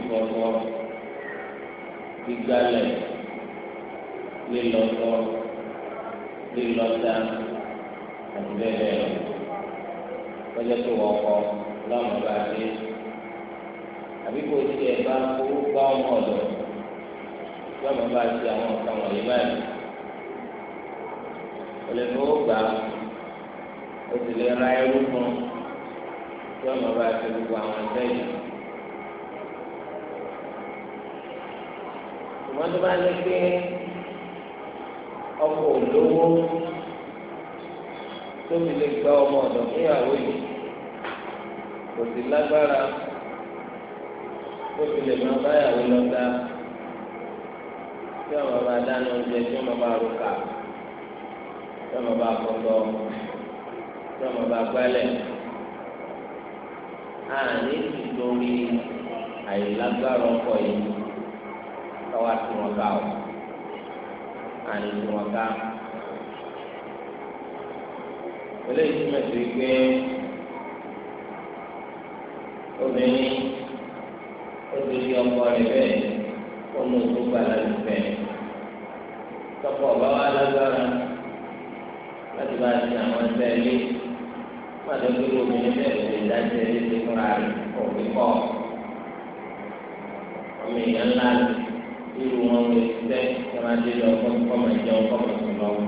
kíkọ́kọ́ gbígbálẹ̀ lílọ́kọ́ lílọ́dá àti bẹ́ẹ̀ bẹ́ẹ̀ lọ. Kọjá Àbí kò bá ọmọ ọ̀dọ̀ lọ́mọ bá ti àwọn nǹkan wọ̀nyí báyìí. Olùfowó gbà lè ra ẹrú fún lọ́mọ gbogbo àwọn àmọ́ tó bá ní pé ọkọ olówó tó fi lè gba ọmọ ọ̀dọ̀ níyàwó yìí kò sí lágbára tó fi lè máa báyàwó lọ́dá tí ọmọ bá dáná oúnjẹ tí ọmọ bá rúkà tí ọmọ bá kọ́tọ́ tí ọmọ bá gbálẹ̀ àní ìtorí àìlágbára ọkọ yìí káwá tí wọn ká o àní tí wọn ká eléyìí túmọ̀ sí pé obìnrin ó ti di ọkọ rẹ̀ bẹ́ẹ̀ ó mú ojú gbàlá lù bẹ́ẹ̀ tọkọ ọba wa lágbára láti bá ti àwọn ẹgbẹ́ ilé wọn àti obìnrin bẹ́ẹ̀ lè dájẹ́ ilé fúnra rẹ̀ òbí kọ́ ọmọ èèyàn ńlá rẹ̀ irú wọn lè tẹ kọ́nà délé ọkọ̀ kọ́mọ ìjọ kọ́mọ tó lọ́wọ́.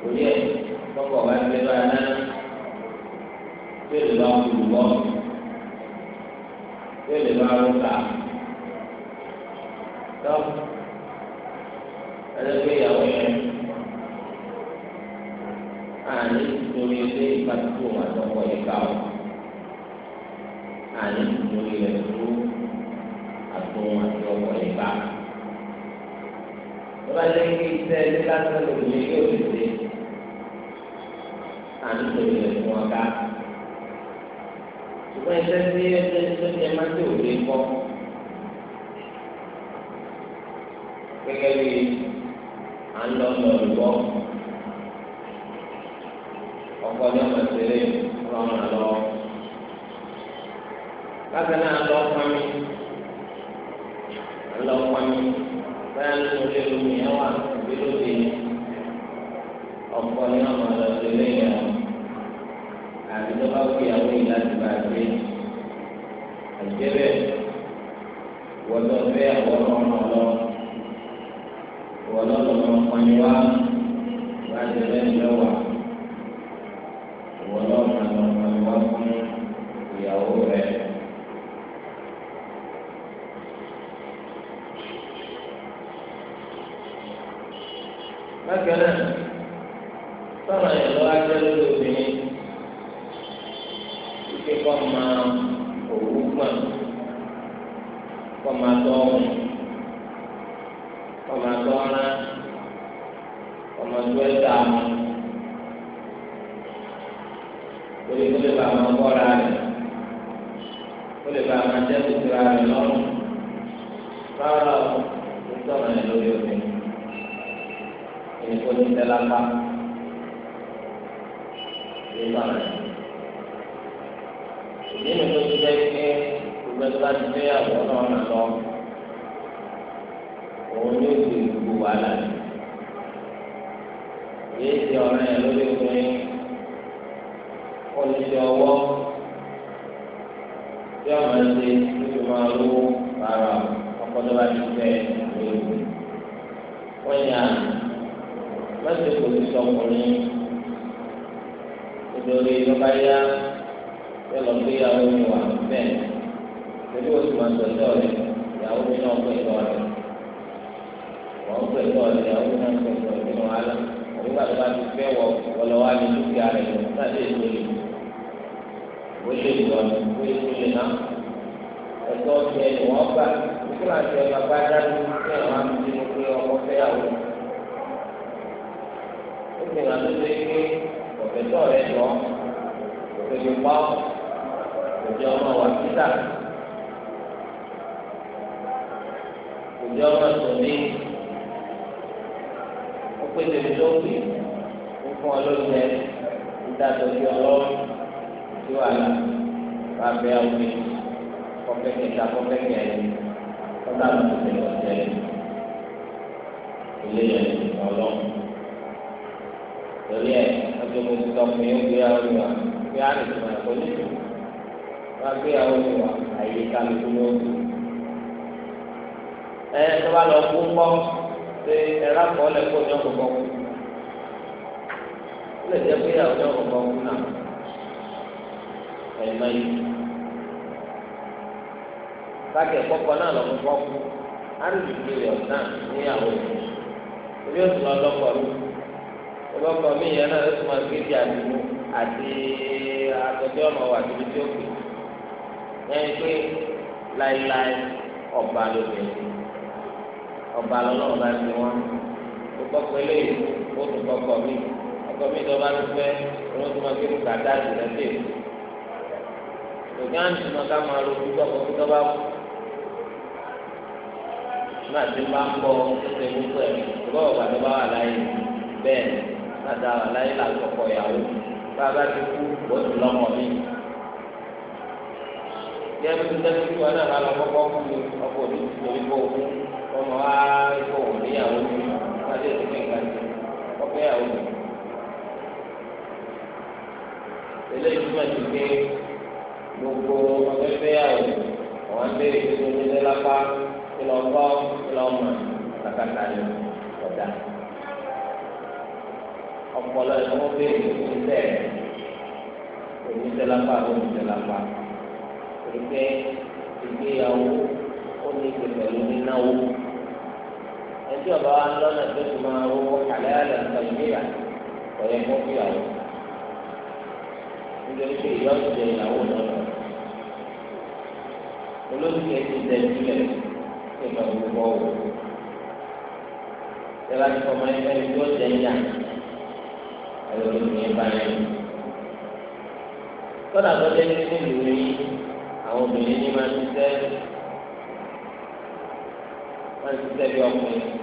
Torí ẹ̀ kọ́kọ́ wá sí ẹgbẹ́ aná tẹ́lẹ̀ bá wù lọ́ tẹ́lẹ̀ bá wù ká tọ́ ẹlẹ́gbẹ́ ìyàwó yẹn àní torí ilé ìpàtúwò àtọkọ yìí ká o àní torí ẹ̀ tó òun àti ọkọ yìí bá. Bọ́lá ṣe ń kí iṣẹ́ ilé lásán lòdì yóò lè ṣe. Àdúgbò ilẹ̀ fún wọn ká. Ṣùgbọ́n iṣẹ́ tí ẹgbẹ́ tó jẹ máa ń tẹ̀ òde kọ́. Gẹ́gẹ́ bí à ń lọ lọ lùwọ́. Ọkọ ní ọmọ ìṣeré ọlọ́run àlọ́. Bákan náà lọ́ fún mi lọ pọnmi bẹ́ẹ̀ ní orí omi yẹn wà bí lóde ọ̀pọ̀ ní ọmọ lọ sí ilé yẹn àti tó bá fi àwọn yìí láti bá gbé àjẹ́ bẹ́ẹ̀ wọ́tọ̀ fẹ́ àwọn ọmọ lọ wọ́tọ̀ lọ́mọ pọnmi wá wá sí ilé yẹn lọ́wọ́. bá ti fẹ́ àwọn náà nà lọ òun ní oṣù gbogbo wàhálà yìí ṣe ọ̀rẹ́ yẹn lórí obìnrin kó ní ṣe ọwọ́ tí ọmọ ẹ ṣe lóṣù máa lówó rárá ọkọ tó bá ti fẹ́ lórí wọ́n yà mẹ́sẹ̀ kò sí sọkùnrin nítorí lọ́ba yá yọ lọ gbéyàwó mi wà bẹ́ẹ̀ pẹ̀lú oṣù màtọ́jọ́ rẹ̀ ìyàwó mi náà pẹ̀ tọ́ rẹ̀ wọ́n pẹ̀ tọ́ rẹ̀ ìyàwó mi náà pẹ̀ tọ́ rẹ̀ nínú wàhálà nígbà tó bá ti fẹ́ wọ wọlọ́wọ́ ní dúkìá rẹ̀ nígbàdé ìgbòlè ó lè lọ ó lè tó lè náà ẹ̀tọ́ ti ẹni wọ́n gbà nígbà tí ọba bá dájú kí ẹ̀ máa fi mú pé ọmọ fẹ́ àwọn ó sì máa tó ṣe pé ọ̀fẹ́ tọ́ rẹ̀ lọ òṣèlú pa òjò ọmọ wà títà. òbí ọmọ tòmí ó pé tèmi ló pè ó fún ọ lóúnjẹ ìdájọ́ bí ọlọ́run tí wà lá bá bẹ ọmọ kọfẹkẹ ta kọfẹkẹ ọba ló ti tẹ́lẹ̀ ọtẹ ilé yẹn ọlọ́run torí ẹ ọjọ́ mo ti tọkùn yín gbé àwọn ìwà gbé àrùn ìwà ìkọlẹ wọn gbé àwọn ìwà àyè kálukú lóògùn ẹ tó bá lọ kú kọ́ pé ẹ̀rọ àkọọ́lẹ̀ kó ní ọ̀gbọ̀n kú ó lè jẹ́ pé ìyàwó ní ọ̀gbọ̀n kú náà ẹ̀mọ yìí káàkiri kọ́kọ́ náà lọ kọ́ kú arìnrìnkì rẹ̀ náà níyàwó yìí ebi ó sì lọ lọ́kọ̀ lù ọlọ́kọ̀ mi yẹn náà ó máa gbé di àdìmú àti àtọ́jú ọmọ wa àti tí ó pè é ẹ pé láéláé ọba lóbìnrin ọba lọ́lọ́run bá ti wọn ó kọ́kọ́ lé ó tún kọ́kọ́ mi ọkọ̀ mi lọ́ba ló fẹ́ owó tó máa gbé ní kàtá ìdílé dé ògá ní ìmọ̀ ká máa lójú kọ́kọ́ kí tọ́ba kú nígbà tí ń bá ń bọ̀ ó ṣe mú pẹ̀ ìbá ọ̀gá tó bá wà láyé bẹ́ẹ̀ láti àwọn láyé làkọ̀kọ̀ ìyàwó bá a bá ti kú ó ti lọ́mọ mi yẹ́n tó tẹ́lẹ̀ kí wọn náà lọ kọ́kọ́ fún ọkọ̀ òdì torí kó wọn mọ wá kó wọn níyàwó mi wọn lè tún nǹkan tó wọn fẹ́ yàwó mi. eléyìí túmọ̀ sí pé gbogbo ọ̀fẹ́ fẹ́ yàwó àwọn béèrè tó ní ilé lápá kí lọ kọ́ kí lọ mọ̀ kàkàtà ni ọ̀dà. ọpọlọ ni wọn béèrè tó ní ilé rẹ oníṣẹ lápá oníṣẹ lápá pé ìgbéyàwó ó ní ìpè pẹ̀lú nínáwó tí ọba wa lọ́nà tó ti máa wo kàlẹ́ àlẹ́ nǹkan ìmíyà ọ̀yẹ́ fún fìyàwó nítorí pé ìyá ọ̀sẹ̀ ìyàwó lọ́nà olóṣèlú ti dẹ̀ sílẹ̀ ní ìgbà gbogbo ọ̀wọ́ tẹ́lá ti fọmọ ẹgbẹ́ ìjọ jẹ́ ìyá ẹ̀rọ ìgbìyànjú bá yẹn tọ́lá tó jẹ́ nílé ìlú yìí àwọn obìnrin ní máa ń ṣiṣẹ́ máa ń ṣiṣẹ́ bí ọkùnrin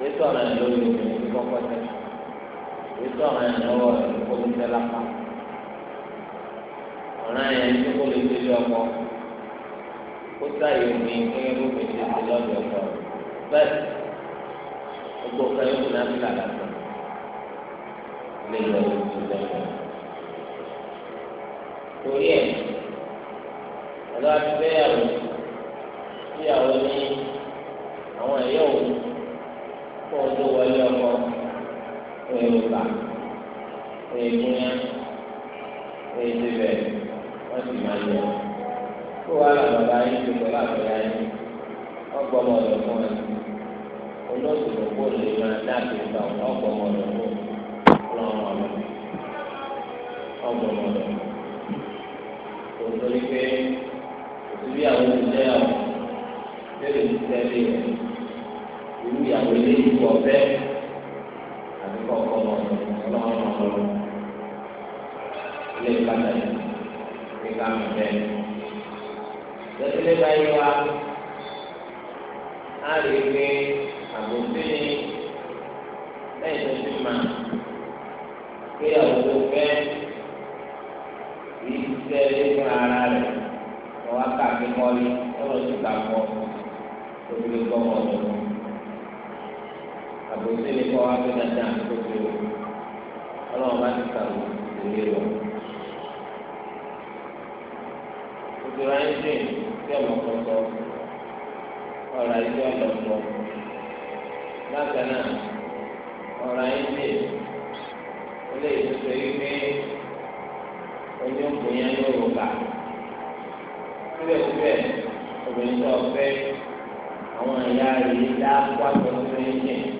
yéésù ọ̀rọ̀ ẹ̀ lórí obìnrin tó kọ́kọ́ tẹ̀ yéésù ọ̀rọ̀ ẹ̀ lọ́wọ́ ẹ̀ kó ló tẹ́ lápá ọ̀rọ̀ ẹ̀ tó kó lè tẹ̀lé ọkọ kó sáyé omi kéwé ló fi ṣe ti lọ́dọ̀ ọkọ bẹ́ẹ̀ gbogbo ọ̀kan yóò fi náà fi làlá tó lè lọ sí lọ́dọ̀ torí ẹ̀ ọ̀dọ́ àti bẹ́ẹ̀ àwọn ìyàwó ní àwọn ẹ̀yọ́ òun kó o tó wọlé ọkọ èrò bá èèmú yá èdè bẹ wọn sì máa yọ kó wàá là bàbá yín tó kọ láàbẹ yá yín ọgbọmọ ọdọ fún ẹ olóòtú ló kó lè máa dáàbò ìgbà ọgbọmọ ọdọ fún ọlọ́run ọmọ ọgbọmọ ọdọ kò torí pé òtún àwọn olùdíje lè lè ti tẹ́lẹ̀ rẹ̀ irú ìyàwó ilé ìlú ọ̀fẹ́ àbí kọ̀ọ̀kọ́ ọlọ́run ọlọ́run ilé ìbàdàn ní káàmù bẹ́ẹ̀. Tẹ́tílé báyìí wá á rí i pé àbòsí ni lẹ́yìn tó ti mà pé àwòrán fẹ́ kìí ṣe nínú ara rẹ̀ lọ́wọ́ káàkiri mọ́lí lọ́wọ́ sì gbà pọ̀ lórí ọmọ ọ̀dọ́ kò sí ní kọ́ wájú dáadáa tó fi o ọlọ́run bá ti kàwé ìwé lọ. Òtò ráńjì tí ọmọ kan sọ ọ̀rọ̀ ayé ọ̀dọ̀ bákan náà ọ̀rọ̀ ayé ilé ìtúsọ yìí pé oníkùn yẹn ló rò bá síbẹ̀síbẹ̀ obìnrin tó fẹ́ àwọn ẹ̀yà rèé dá kó àtọ̀ sí ẹ̀yìn.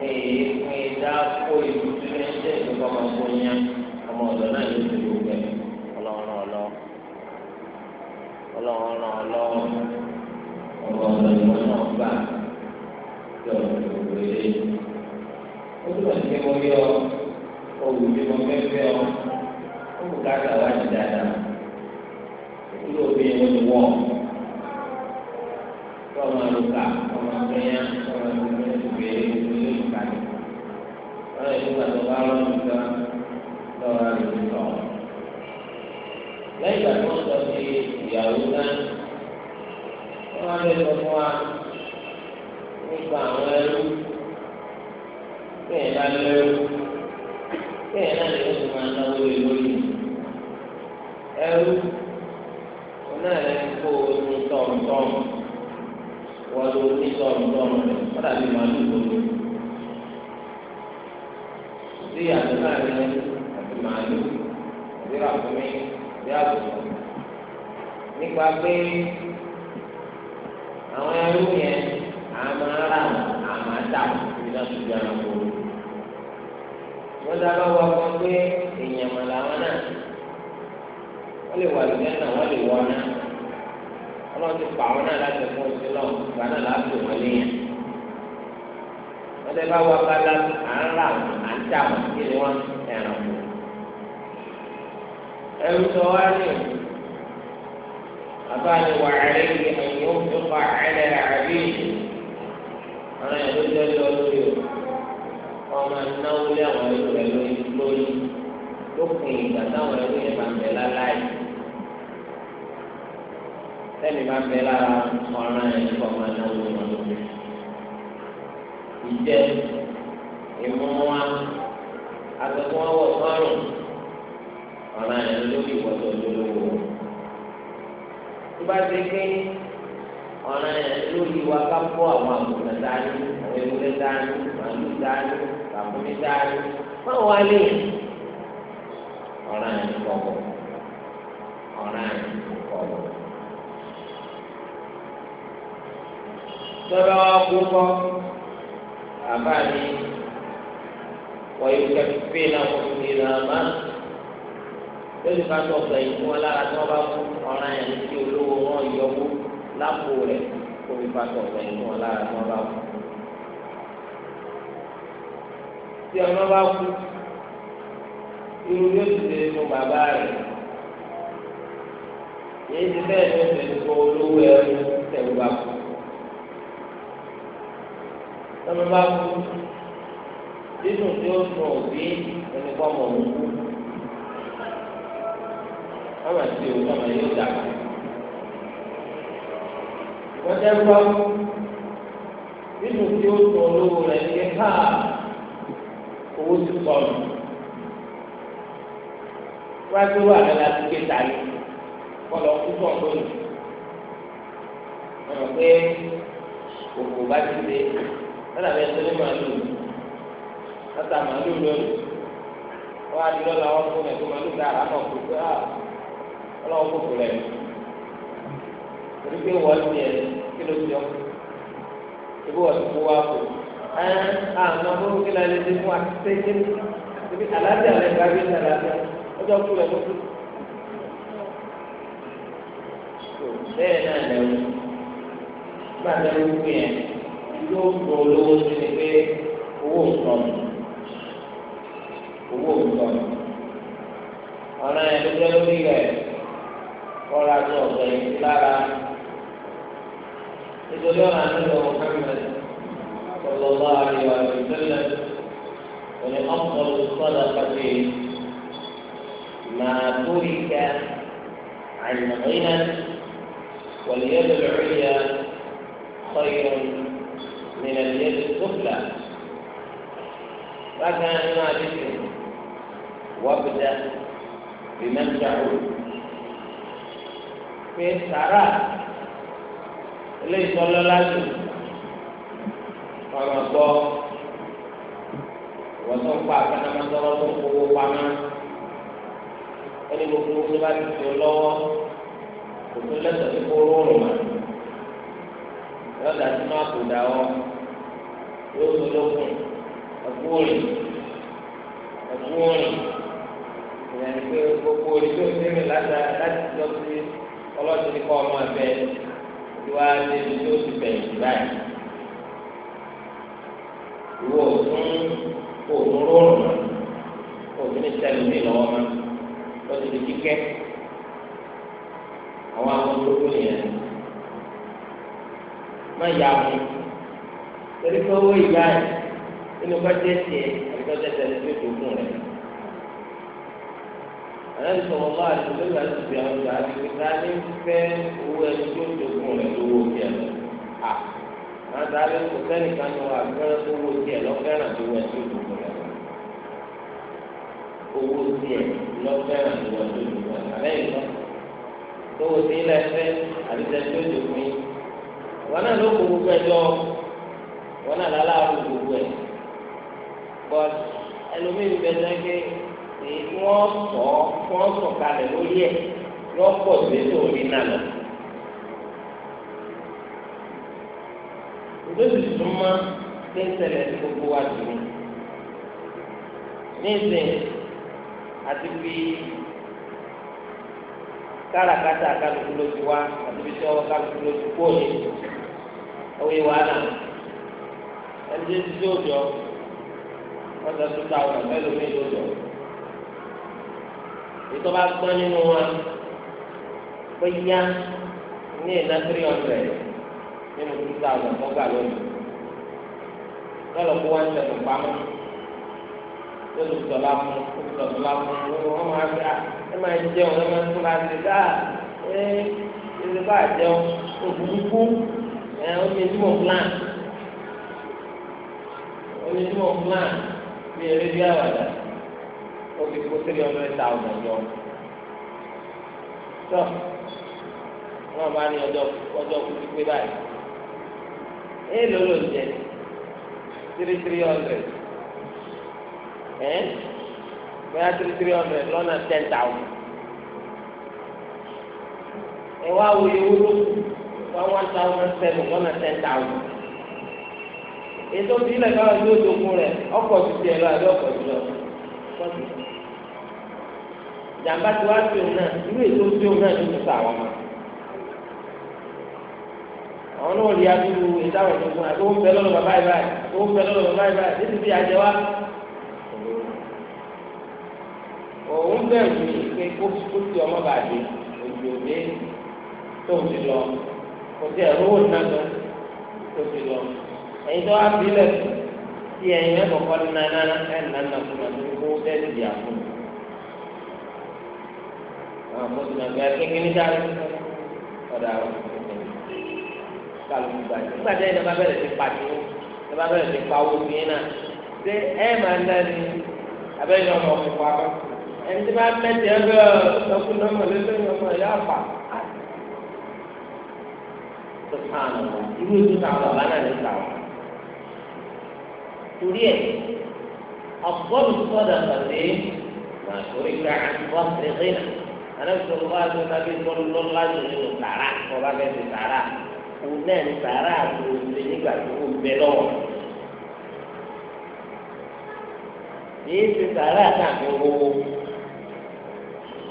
ní èyí fún ìdá kó ìlú tí wọ́n ṣe ìlú kọ́mọ tó ń yá ọmọ ọ̀dọ́ náà ló ti lò wẹ̀ ọlọ́run ọlọ́ ọlọ́run ọlọ́ ọmọ ọ̀dọ́ ni wọ́n náà gbà tí ọ̀dọ́ tó wọlé. ó túbọ̀ sí mo yọ òwú tí mo fẹ́ fẹ́ ọ ó kù káàkiri wá ti dáadáa ìlú òbí yẹn ló ti wọ̀ ọ́ ọmọ àlùkà ọmọ àgbẹ̀yà ọmọ àgbẹ̀yà wọn yìí nígbà tó bá rán mi ká lọ́wọ́ rẹ̀ ní sọ. lẹ́yìn ìgbà tí wọ́n sọ sí ìyàwó náà wọ́n wá lè sọ fún wa nípa àwọn ẹrú bẹ́ẹ̀ bá lẹ́rú bẹ́ẹ̀ náà ni wọ́n ti máa náwó lórí ẹrú náà lè kó ní tọ̀mùtọ̀mù wọ́n ló ní tọ̀mùtọ̀mù rẹ̀ wọ́n dàbí màálù lórí sí àdúrà rẹ àti màálù àti ràbùmí àti àbùkù nípa pé àwọn ẹrú yẹn àmọ́ ara àmọ́ àdá ìdá tuntun àwọn kò wọ́n dábàá wá fún pé èèyàn mọ̀ làwọn náà wọ́n lè wà lóyún náà wọ́n lè wọ́n náà wọ́n lọ́ọ́ ti pa àwọn náà láti fún oṣù náà gbà náà láti wọ́n léyìn tẹ bá wà kálá à ń rà wọn à ń tà wọn kí ni wọn ẹran wọn. ẹrú sọ wá ní abáni wà ẹrẹ yìí ẹyìn ó tó fa ẹlẹ àbí àwọn ẹ̀rọ jẹ́ lọ́wọ́ ọmọ náwó lé àwọn ẹ̀rọ rẹ̀ lórí lórí lópin ìgbà táwọn ẹ̀rọ yẹn máa ń bẹ láláì sẹ́ni máa ń bẹ lára ọ̀ràn ẹ̀rọ ọmọ náwó lórí lórí ìjẹ ìmúwa àtẹkùn ọwọ́ márùn ọ̀nà yẹn lórí ìwọ́sọ̀ lólówó tó bá ti pé ọ̀nà yẹn lórí wa ká kó àwọn àgùntàn dání àwọn ewúrẹ́ dání màálù dání ràkúnmí dání máa wá lé ọ̀nà yẹn kọ̀ọ̀kọ̀ ọ̀nà yẹn kọ̀ọ̀kọ̀. tọ́lá wa kú kọ́ àbáni wọ̀nyí kẹfí náà kò sí náà má lórí bá tó ọgbà yìí fún wọn lára tí wọn bá kú ọ̀ràn yẹn tí olówó wọn yọwó lápò rẹ̀ lórí bá tó ọgbà yìí fún wọn lára tí wọn bá kú. tí ọmọ bá kú irú yóò ti ṣe fún bàbá rẹ̀ yéé ti bẹ́ẹ̀ ní oṣù tó olówó ẹrú tẹ̀wé bá kú lọ́mọ bá kú dídùn tí ó sùn òbí ẹni kọ́ mọ̀ òun kú ọmọ tí o lọ́mọ yóò dàgbà wọ́n jẹ́ ń bá kú dídùn tí ó sùn olówó rẹ̀ ní ká owó ti sọnù wájú wà lọ́la ti ké tayé kọlọ̀ kú sọ̀ lónìí ọ̀nà pé òkú bá ti dé lọ́dà bẹ́ẹ̀ tó ní màálù lọ́tà màálù lónìí wọ́n á di lọ́la wọn fún mi kó màálù ká àrà náà kó gbá ah, ọlọ́wọ́ kó kó lẹ̀ torí pé wọ́n ti ẹ̀ kí ló ti ọ́ ibi wọ́n ti kó wá kó ẹ̀ àwọn ọmọ kí la lè dé fún àtẹ́jẹ́ ibi àlàáfíà lẹ̀ bá bí àlàáfíà ọjọ́ kú lẹ̀ ló kú. bẹ́ẹ̀ náà lẹ́wọ̀n gbàdúrà ó gbé yẹn. yóò gbọ́ olówó sí ni pé owó ìtọ́nù owó ìtọ́nù ọ̀nà ẹ̀dọ́gbẹ́ lórí rẹ̀ kọ́ra tó ọ̀gbẹ́ lára nítorí ọ̀nà àdúgbò Muhammad sọlọ́lá àríwá ìbílẹ̀ òní ọ̀pọ̀lọpọ̀ sọ́dà pàṣẹ màá tóri ká àyìnbó yẹn wọ̀lẹ́yẹ́ lórí rẹ̀ yẹ kọ́yọ̀. من اليد السفلى فكان ما ذكر وابدأ بمن تعود في سارة ليس لازم فما صار wọ́sọ̀kọ́ akanamasọ̀rọ̀ tó kówó pamá ẹni gbogbo tó bá ti tó lọ́wọ́ kò tó lẹ́sọ̀ tó kóró rò mà lọ́dà tó má kó dà ọ́ yóò tó lókun ẹgbóòrì ẹgbóòrì ìyàní pé gbogbo orí tó ti rìn láti lọ sí ọlọ́sìn ní kọ́ ọmọ ẹ̀fẹ́ ìwà ẹni tó ti bẹ̀rẹ̀ sí báyìí. ìwọ òtún òtún rọrùn òtún ní sẹ́lẹ̀ ní lọ́wọ́ mọ́ lọ́sìn ní àwọn àwọn olóko nìyẹn má yà á torí pé owó ìyá ẹ̀ nínú bọ́jẹ́ tiẹ̀ àbíkọ́jẹ́ tẹ̀lé tó dùnkùn rẹ̀. àlejò sọ̀rọ̀ lọ́wọ́ àti lórí àti ìgbà ọ̀gá àti ìgbà ní fẹ́ owó ẹni tó dùnkùn rẹ̀ lówó tiẹ̀ lọ. à máa ta lé kó sẹ́nìkan lọ àgbẹ̀rẹ̀ owó tiẹ̀ lọ́fẹ́ràn tó wẹ̀ tó dùnkùn rẹ̀ lọ. owó tiẹ̀ lọ́fẹ́ràn tó wẹ̀ tó dùnkùn rẹ̀ lọ. àlẹ́ ìlọ tó wò sí ilẹ̀ fẹ́ àbíkẹ́ tó dùnkùn yìí. wọn náà ló kó gbogbo ẹjọ́ wọn náà lálàárù gbogbo ẹ̀ but ẹlòmíì bẹ lẹ́gbẹ́ èyí tí wọ́n sọ wọ́n sọ kalẹ̀ lórí ẹ̀ wọ́n pọ̀ sí lórí náà lọ. lóṣù súnmọ́ pé ń ṣẹlẹ̀ sí gbogbo wa jù ní. níìsín àti fi káràkátà kálukú ló ti wá àti fi sọ́wọ́ kálukú ló ti kú òní. òye wàhálà ẹni tí ti yóò jọ ọjà tó ta ọ̀nà mẹ́lòó mi yóò jọ ètò bá gbọ́n nínú wọn pé yá ní ìná three hundred nínú two thousand mọ́gbà lónìí lọ́lọ́ kó wá ń tẹ̀lé pamọ́ lọ́lọ́ tó la mú lọ́lọ́ tó la mú lọ́lọ́ wọn máa fi ẹ máa jẹun ẹ máa tó la ti dá ẹ ẹ ti bá jẹun òkú kú ẹ ó ní ìdúmọ̀ plan omi tí mo plan mi èrè bí àwàdà ó fi kó three hundred thousand yọ tó wọn bá ní ọjọ́ ọjọ́ kú ti pé báyìí èèlò ló jẹ three three hundred ẹ bóyá three three hundred lọ́nà ten thousand ẹ wá wo ewu ló wá one thousand seven lọ́nà ten ètò ìbílẹ̀ káwọn yóò dogun rẹ̀ ọkọ̀ ti tiẹ̀ lọ àbí ọkọ̀ ti lọ. ìjàmbá ti wá sí òun náà irú ètò sí òun náà ló ti sà wọn. àwọn náà rí abúlé ìdáhùn ìdógún àti ó ń bẹ lọ́dọ̀ bàbá ìbáyìí ó ń bẹ lọ́dọ̀ bàbá ìbáyìí títí bí ajẹ wá. òun bẹ̀rù pé kó ti ọmọ bàjẹ́ òjò dé tó ti lọ kò sí ẹ̀rọ òun náà tó ti lọ ẹ̀yin tó wá bílẹ̀ tí ẹ̀yin mẹ́kọ̀ọ́kọ́ ní nana ẹ̀nà nàkúnà tó kó tẹ́lẹ̀ dì àfún mi. àwọn ọmọ tó nàgbẹ́ kékeré ní sáré ọ̀dà kálukú gbàdé nígbà tí ẹ̀yin bá bẹ̀rẹ̀ sí pàdé ẹ̀ bá bẹ̀rẹ̀ sí pawó sí iná ṣé ẹ̀ máa ń dání abẹ́yẹn ọmọ òkùnkùn abá ẹni tí bá mẹ́tẹ̀ẹ́ bẹ́ẹ̀ ọkùnrin ọmọ lẹ́sẹ̀ ọmọ ẹ̀yà àpà sọ̀tàn irú ìdúrà bàbá náà lè sàwọn torí ẹ̀ ọ̀gbọ́n sọ̀dà pàdé máa torí ká wọ́n ti rìn nà anábìsọ̀ wá sí nàbí sọ̀rọ̀ lọ́lájú nínú sàrà kọ́lá bẹ́ẹ̀ ti sàrà òun náà ní sàrà àti òṣèlú nígbà tó ń bẹ lọ́wọ́. èyí ti sàrà àtàkì owó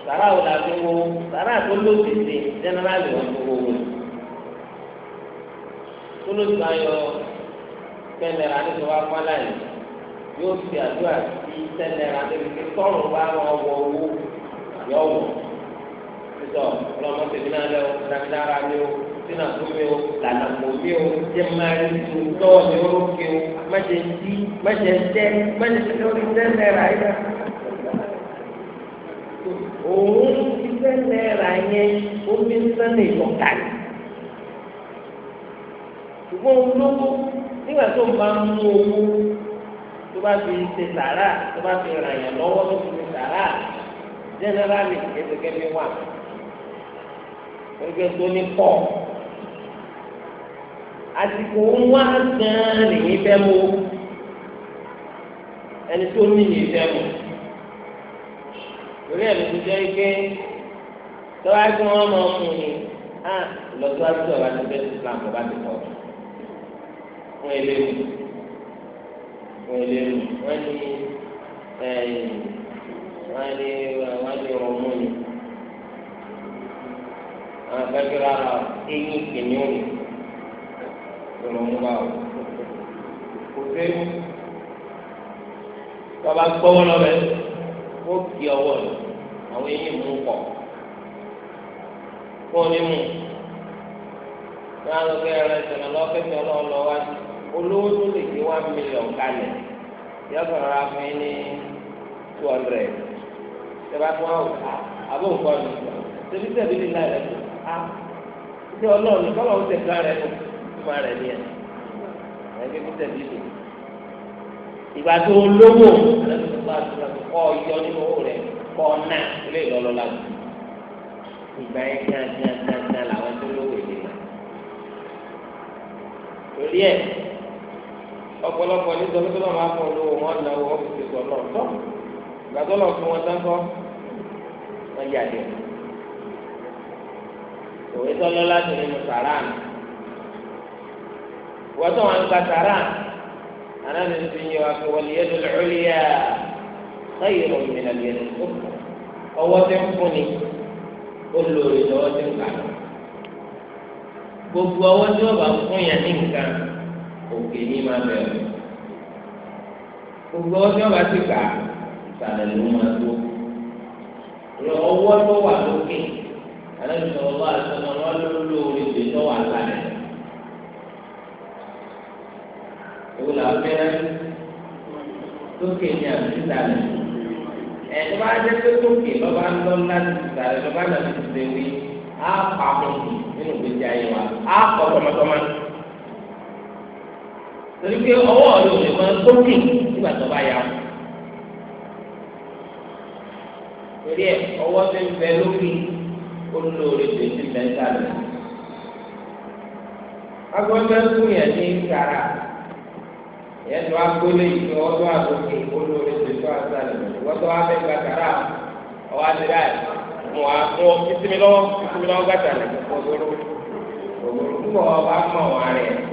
sàrà ò làbí owó sàrà tó lóde sí jẹ́nẹ́rálì wọn tó owó tó lóde ayọ̀. ten naira ní sọ́wọ́ apálá yìí yóò ṣe àdúrà sí ten níbi tí tọ́rùn bá wọn wọ owó yọ wọ̀ títọ́ ọlọ́mọ tèmi náà ni ó sínú àtúnmí o lànà mí o jẹ́ ó lórí yìí òun ti yẹn omi ń sẹ́nu nígbà tó o bá mú owó tó bá fi ṣe sàrà tó bá fi ràn yàn lọ́wọ́ tó fi ṣe sàrà jẹ́nẹ́rálì kẹ́kẹ́ bí wà kẹ́kẹ́ tó ní pọ̀ àsìkò ńwá gan-an nìyí fẹ́ mú ẹni tó ní nìyí fẹ́ mú lórí ẹ̀mí tó jẹ́ pé tọ́wá tí wọ́n máa mú ni á ah, lọ́sọ́wájú ọ̀rọ̀ àti bẹ́ẹ̀ tó Islam kò bá ti pọ̀ jù fún eléyìí fún eléyìí wọ́n ní ẹ̀yìn wọ́n ní wọ́n ní ọmọ ni àwọn akẹ́kọ̀ọ́ ara eyín kìnìún ni ìrọ̀mùbá o kò séwu tọ́ba gbọ́wọ́ lọ́bẹ̀ ó kì ọwọ́ lọ àwọn eyín mú pọ̀ fún onímù ní alùpùpù ẹ̀rọ ìṣẹ̀lẹ̀ lọ́kẹ́tẹ̀ ọlọ́ọ̀lọ́wájú olówó tó lè gbé one million kalẹ̀ yọ sọ̀rọ̀ ra fún yín ní two hundred ṣẹba fún àwọn àbò nǹkan ní ṣẹbi ṣẹbi ní náà rẹ a ṣe ọlọ́run ní kọ́lọ́ ọ̀hún tẹ̀sán rẹ kó má rẹ ní ẹ̀ ẹ̀ẹ́dẹ́gbẹ́ kó tẹ̀sí lò ìgbà tó olówó kọ́ yọ nínú owó rẹ kọ́ náà ilé ìlọ́lọ́ láti ìgbà yẹn gángan gángan làwọn tó lówó ìlera torí ẹ̀ ọ̀pọ̀lọpọ̀ nítorí tó lọ́wọ́ afọ olówó wọn náwó wọn fi tètè ọ̀nà ọ̀tọ̀ gbàtọ́ lọ fún wọn dáńkọ́ wọn yà dé òwe tọ́lọ́ láti nínú sàrán wọ́n tó wọn gba sàrán anáni ti yẹ wá pé wọlé yẹn lọ lórí yá sáyé lọ yẹn lọ yẹn lọ ọwọ́ tẹ ń fún ni ó lóore lọ́wọ́ tẹ ń gbà gbogbo ọwọ́ tí wọ́n bá fún yẹn ní nǹkan òkè ní máa bẹ̀rù gbogbo ọjọ́ bá ti kà ìsàlẹ̀ ló máa tó lọ ọwọ́ tó wà lókè alẹ́ sọ̀rọ̀ bá a sọ̀rọ̀ wọn ló lóore tó tó wà lálẹ́ ewu la fẹ́ lókè ní àbí ìsàlẹ̀ ẹ̀ tó bá dé pé lókè lọ́ba ń lọ láti ìsàlẹ̀ lọ́ba náà ti ti wí á pa mọ́ nínú ìgbésí ayé wa á kọ́ tọmọtọmọ torí pé ọwọ́ rẹ ò lè máa sókè nígbà tó bá yà wọ́n. torí ẹ ọwọ́ tó ń bẹ lókè olóore tó ti bẹ sálẹ̀. agbọ́dọ̀ tó yẹ ní kàrà yẹ tó agbólé yìí ọdún àlòkè olóore tó tó àsálẹ̀ wọ́tọ́ wa bẹ gba kàrà ọwọ́ àdìrà ẹ̀ mọ̀ á mọ̀ ìsinmi lọ́wọ́ ìsinmi lọ́wọ́ gbàtà lẹ̀ ọ̀gbọ̀rọ̀ ọ̀gbọ̀rọ̀ nígbà wọn bá mọ̀ wọn rẹ̀.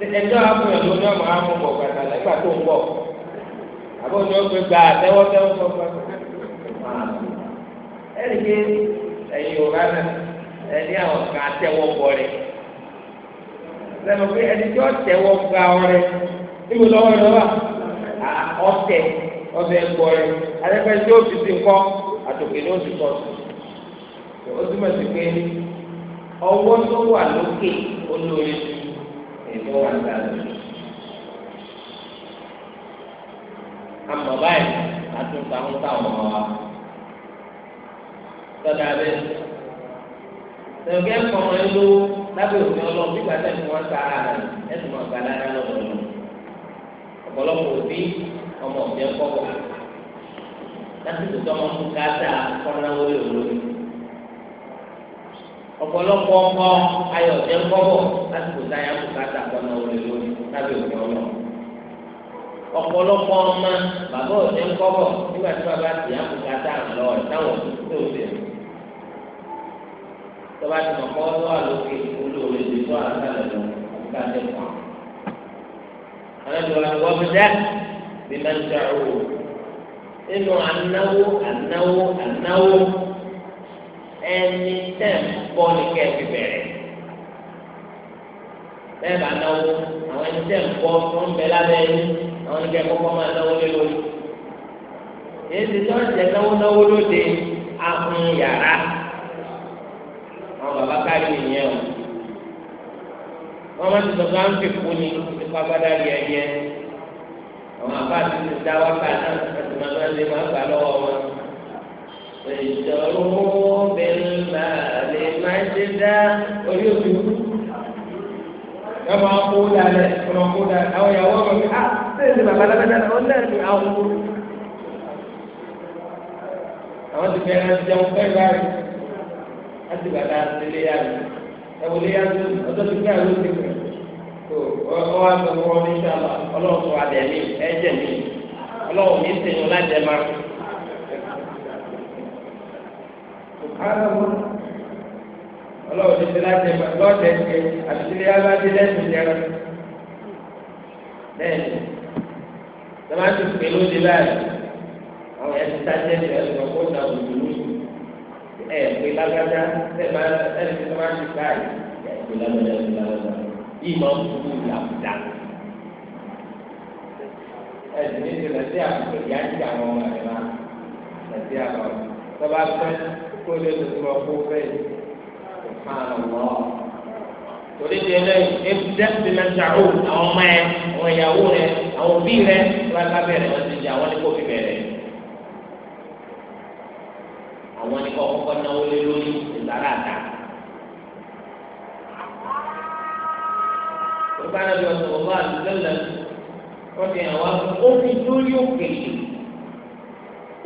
ẹjọ́ àbúrò ló ní ọmọ àmú bọ̀ gbàgbà lẹ́gbà tó ń bọ̀ àbọ̀ ní ọgbẹ́ gba àtẹ́wọ́tẹ́wọ́ sọ fún ẹ. ẹnì pé ẹ̀yin ò rárá ẹni àwọn kan àtẹ́wọ́ bọ̀ rẹ̀ lẹ́nu pé ẹni tí ó tẹ́wọ́ gba níbo lọ́wọ́ wà ọbẹ̀ gbọ́ alẹ́pẹ́ tí ó ti ti kọ́ àtòkè ní oṣù ó túmọ̀ sí pé ọwọ́ tó wà lókè ẹ̀jẹ̀ wà ní àná. àmọ́ báyìí àtúntò àwọn táwọn ọmọ wa sọ́dọ̀ abẹ́ tẹ̀wọ́kẹ́ kọ́mọ ẹ ló lábẹ́ òfin ọlọ́run bí gbàtẹ́ fún wọn sára rẹ̀ ẹ̀sùn máa gbà lára lọ́dọ̀ lọ. ọ̀pọ̀lọpọ̀ òbí ọmọ ọ̀bẹ kọ́ wà láti tòtọ́ ọmọ fún gáàsà kọ́ńdáwó lè olórí ọ̀pọ̀lọpọ̀ ọkọ ayọ̀jẹ́ kọ́bọ̀ láti kò sáyà kò káta kọ́nà òde lórí lábẹ́ òde ọlọ́ ọ̀pọ̀lọpọ̀ ọmọ bàbá ọ̀jẹ́ kọ́bọ̀ nígbà tí bàbá ti yà kò káta lọ táwọn tó ṣe tọ́ba ti mọ̀ kọ́ tó wà lókè olóore lè tó àtàlẹ̀ lọ àti tẹ̀ pọ̀ àwọn ìjọba ni wọ́n fi dẹ́ bí máa ṣe àrùn nínú anáwó anáwó anáwó ẹni tẹ́ẹ̀ kọ́ ni kẹ́ ẹ fi bẹ̀rẹ̀ bẹ́ẹ̀ bá náwó àwọn ẹni tẹ̀ ń kọ́ tó ń bẹ lábẹ́ ẹni àwọn ẹni kẹ́ kọ́kọ́ máa náwó lé lórí èyí tó ń tẹ náwó náwó lóde ahun yàrá àwọn bàbá kárí nìyẹn o wọ́n máa ti sọ pé à ń fi kú ni nípa bàdá yẹ yẹ àwọn àbá ti ti dá wákàtí àti màmá lè má gbà lọ́wọ́ wọn ìṣòro bẹ́ẹ̀lá lè má ṣe dá orí òbí wú. wọ́n máa kó dalẹ̀ wọ́n máa kó dalẹ̀ àwọn ìyàwó ọmọ mi á ah, ṣèṣe ní bàbá alágbádá náà ó náà ní àwọn ọmọ. àwọn ti bẹ̀rẹ̀ jẹun fẹ́ báyìí láti bàtà sílé yá mi ẹ̀wọ̀n lé yá mi ọjọ́ ti gbé àwọn òṣèlú rẹ̀ ọ wá sọ fún wọn ní sábà ọlọ́run tó adẹ̀ mi ẹ̀jẹ̀ mi ọlọ́run mi sèyàn lájẹ̀ máa. àlọ́ ọlọ́run ti ti láti ẹ̀ma lọ́ọ̀dẹ̀ ẹ̀ àbísílẹ̀ aládé lẹ́sìn jẹ́ bẹ́ẹ̀ ni tẹ́lẹ̀ ti pè lóde báyìí àwọn yẹn ti sáté ẹ̀ ẹ̀ lọ kó ta òjò lóṣù ẹ̀ pé lágbájá tẹ́lẹ̀ ẹ̀ ti ń fún un làbúdà ẹ̀ ní ti lọ sí àbùkù ìyá ti àwọn ọmọ rẹ̀ máa lọ sí àwọn tọ́ba pẹ́ kó lè lè gbọ́ kó bẹ́ẹ̀ máa lọ. torí ti ẹlẹ́yìn ebi dẹ́sí náà ṣàrò àwọn ọmọ ẹ àwọn ìyàwó rẹ àwọn òbí rẹ wọn bá bẹ̀rẹ̀ wọn ti jẹ àwọn ní kó fi bẹ̀rẹ̀. àwọn ní kó kọ́kọ́ náwó lé lórí ìlara àtà. tó bá náà bí ọ̀sán ọ̀gbọ́n àti sẹ́lẹ̀ wọ́n fi hàn wá ó fi lórí òkèlè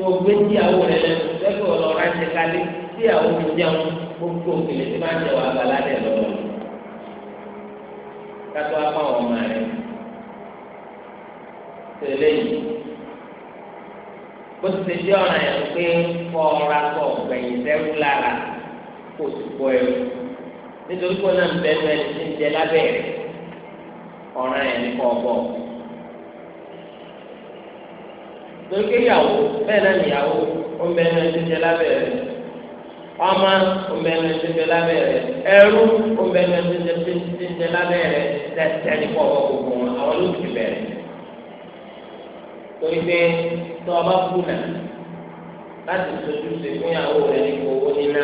tó gbé tíyàwó rẹ lẹ́nu lẹ́gbẹ̀ẹ́ ọlọ́ra ṣe kálí tíyàwó mi jẹun gbogbo òkèlè tí máa ń jẹ wàhálà lálẹ́ lọ́wọ́ kátó apá wọn máa rẹ tẹ̀lé yìí bó ti ṣe jẹ́ ọ̀ràn yẹn pé kọ́ ọ̀ra kọ́ ọ̀gbẹ̀yìn sẹ́kù lára kò sì pọ̀ ẹ̀rù nítorí pé ó náà ń bẹ́ẹ̀ bẹ́ẹ̀ ní jẹ lábẹ́ rẹ̀ ọ̀ràn yẹn ní kọ́ ọ̀bọ̀ lórí kéyàwó bẹ́ẹ̀ náà níyàwó ó ń bẹ ẹnu ẹni tẹ́tẹ́ lábẹ́ rẹ̀ ọmọ ó ń bẹ ẹnu ẹni tẹ́tẹ́ lábẹ́ rẹ̀ ẹrú ó ń bẹ ẹnu ẹni tẹ́tẹ́ lábẹ́ rẹ̀ tẹ́tẹ́ ní kọ́ ọ̀wọ́ gbogbo wọn àwọn ló ti bẹ̀rẹ̀ torí pé tó ọba kú nà láti sojú sí fúnyàwó rẹ̀ ní owó níná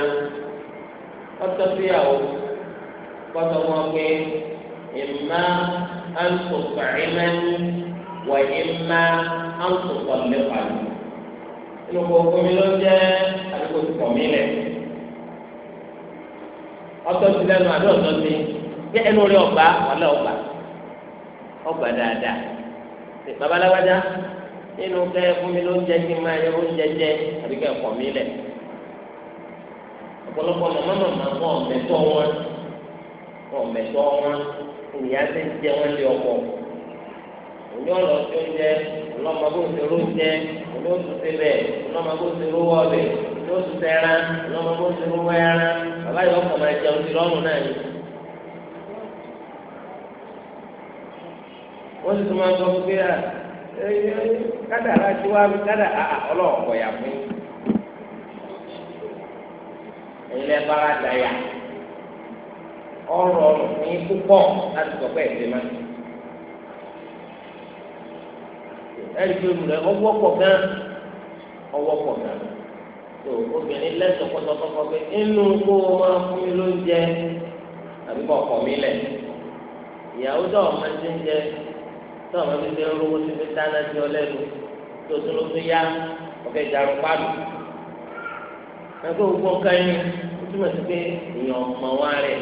ọtọ́ síyàwó kọ́tọ́ wọn pé ìmá alùpùpù àìmánú wà ìmá áńtò pọ̀ lẹ́pàá yìí inú gbogbo mi ló jẹ́ àdúgbò ti pọ̀ mí lẹ̀ ọtọ́ ti lẹ́nu àdó ọ̀tọ́ ti jẹ́ ẹnu orí ọgbà wọlé ọgbà ọgbà dáadáa babaláwájá nínú kẹ́ fún mi ló ń jẹ́ kí n máa yẹ oúnjẹ jẹ àbí kẹ́ pọ̀ mí lẹ̀ ọ̀pọ̀lọpọ̀ màmá màmá wọn ọ̀mẹ́tọ́ wọn ti ń jẹ wọn lé òní ọ̀lọ́ tó ń jẹ ọlọ́mọ bó ń ṣe ló ń jẹ òní ó tún ṣe bẹ́ẹ̀ ọlọ́mọ bó ń ṣe ló wọ́ bẹ́ẹ̀ òní ó tún ṣe ẹran ọlọ́mọ bó ń ṣe ló wọ́ ẹran bàbá yìí ọkọ̀ máa jẹun sí lọ́rùn náà ni. wọ́n sì tún máa ń sọ fún pé kádà aláṣẹ wa kádà ọlọ́ọ̀kọ̀ yà fún yín. ẹ̀yin bára dàyà ọ̀rọ̀ ní púpọ̀ láti sọ pé ẹ̀ ẹ̀rí pé rẹ̀ ọwọ́ pọ̀ gan ọwọ́ pọ̀ gan tó obìnrin lẹ́sọ̀ pọ̀tọ̀pọ̀tọ̀ pé inú kó o máa fún mi lóúnjẹ àbí kọ̀ ọkọ̀ mi lẹ̀ ìyàwó tó ọmọ ti ń jẹ tó ọmọ ti ń jẹ olówó ti fi dáná sí ọ lẹ́nu tó tó ló tún yá ọ̀fẹ́ ìdarú pálù ẹgbẹ́ ògbó kẹ́yìn ó túmọ̀ sí pé èèyàn ọmọ wa rẹ̀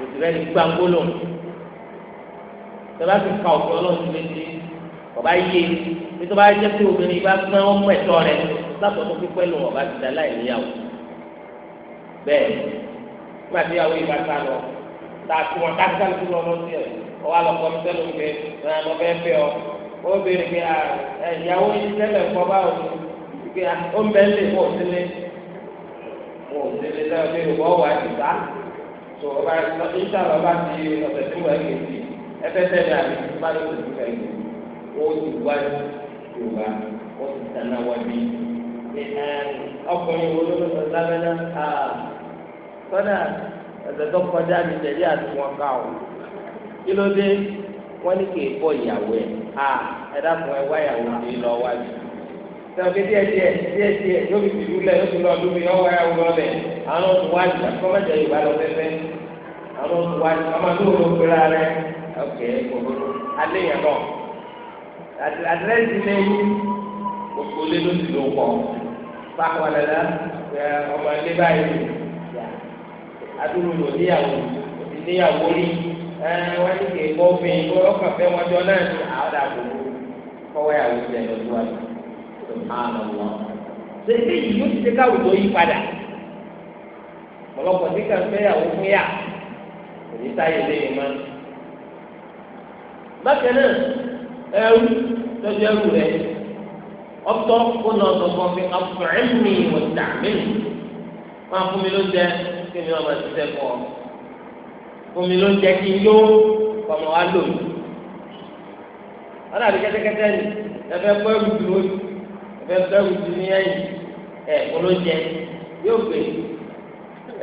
òtún rẹ̀ ní gbàgbólò tẹ́lá ti ka òfin ọlọ́run ti létí ọba yé nítorí bá jẹ́ pé obìnrin bá gbọ́n ọmọ ẹ̀tọ́ rẹ̀ látọ̀tọ̀ pípẹ́ lọ ọba ti dá láì níyàwó bẹ́ẹ̀ nígbà tí ìyàwó ìbá sá lọ tààtù wọn káàkiri káàkiri lọ lọ sí ẹ ọwọ́ àlọ́kọ mi sẹ́nu pé ẹ̀ lọ bẹ́ẹ̀ fẹ́ ọ ó béèrè pé ìyàwó yìí tẹ́lẹ̀ ń kọ́ báwo pé ó ń bẹ́ẹ̀ lè pọ̀ sílé pọ̀ sílé lọ́wọ́ pé ìwọ́ wà ìgbà tó ọba ìṣàlọ́ bá ti ọ̀sẹ̀ tí wọ́n ẹ̀ ẹ fẹ́ tẹ̀lé àbí wọ́n ti wájú yorùbá wọ́n ti tànà wájú ọkùnrin wo ló lọ sọ lábẹ́lẹ́ sọ́dà ẹ̀sẹ̀ tó kọjá mi tẹ̀lé àti wọn ká o kí ló dé wọ́n ní kì í bọ́ ìyàwó ẹ̀ ẹ dákun ẹ wá ìyàwó mi lọ wájú sọ̀rọ̀ díẹ̀ díẹ̀ díẹ̀ díẹ̀ yóò fi tìlú lẹ̀ yóò fi lọ ọdún mi yóò wá ìyàwó lọ bẹ̀ àwọn oṣù wájú àkọ́mọ̀jẹ̀ yorùbá lọ fẹ́fẹ́ àwọn oṣù wájú ọmọdé òun ló pera rẹ̀ ọ̀kẹ́ kòkòrò alẹ́ yẹn náà àdírẹ́sì lé yín gbogbo lé ló ti lò pọ̀ fáwọn ọ̀dàdà ọmọ ilé báyìí adúlù lò níyàwó òsì níyàwó rí wọ́n ti kè bọ́ fún yín kó ọkàn fẹ́ wọn jọ náà ní àádà gbogbo kọ́wé àwọn ìjẹ́ lọ́dún wa tó máa lọ wọ́n. ṣèṣe yìí yóò ti ṣe káwùjọ yí padà ọ̀pọ̀lọpọ̀ tí kàn fẹ́yàwó fún yà òní táyé lé yín mọ́. bákan náà ẹrú lọ́jọ́ ẹrú rẹ̀ ọ̀tọ̀ kó lọ sọ fún mi afẹ́mi ọ̀tà mi máa fún mi ló jẹ kí mi ọmọ ti sẹ́kọ̀ ọ́ fún mi ló jẹ kí n yó ọmọ wa lò mí ọ̀làbí kẹ́tẹ́kẹ́tẹ́ ni ẹ̀fẹ́ kọ́ ẹrù dùn ó ẹ̀fẹ́ kọ́ ẹrù dùn ní ẹ̀yìn ẹ̀ kó ló jẹ yóò gbé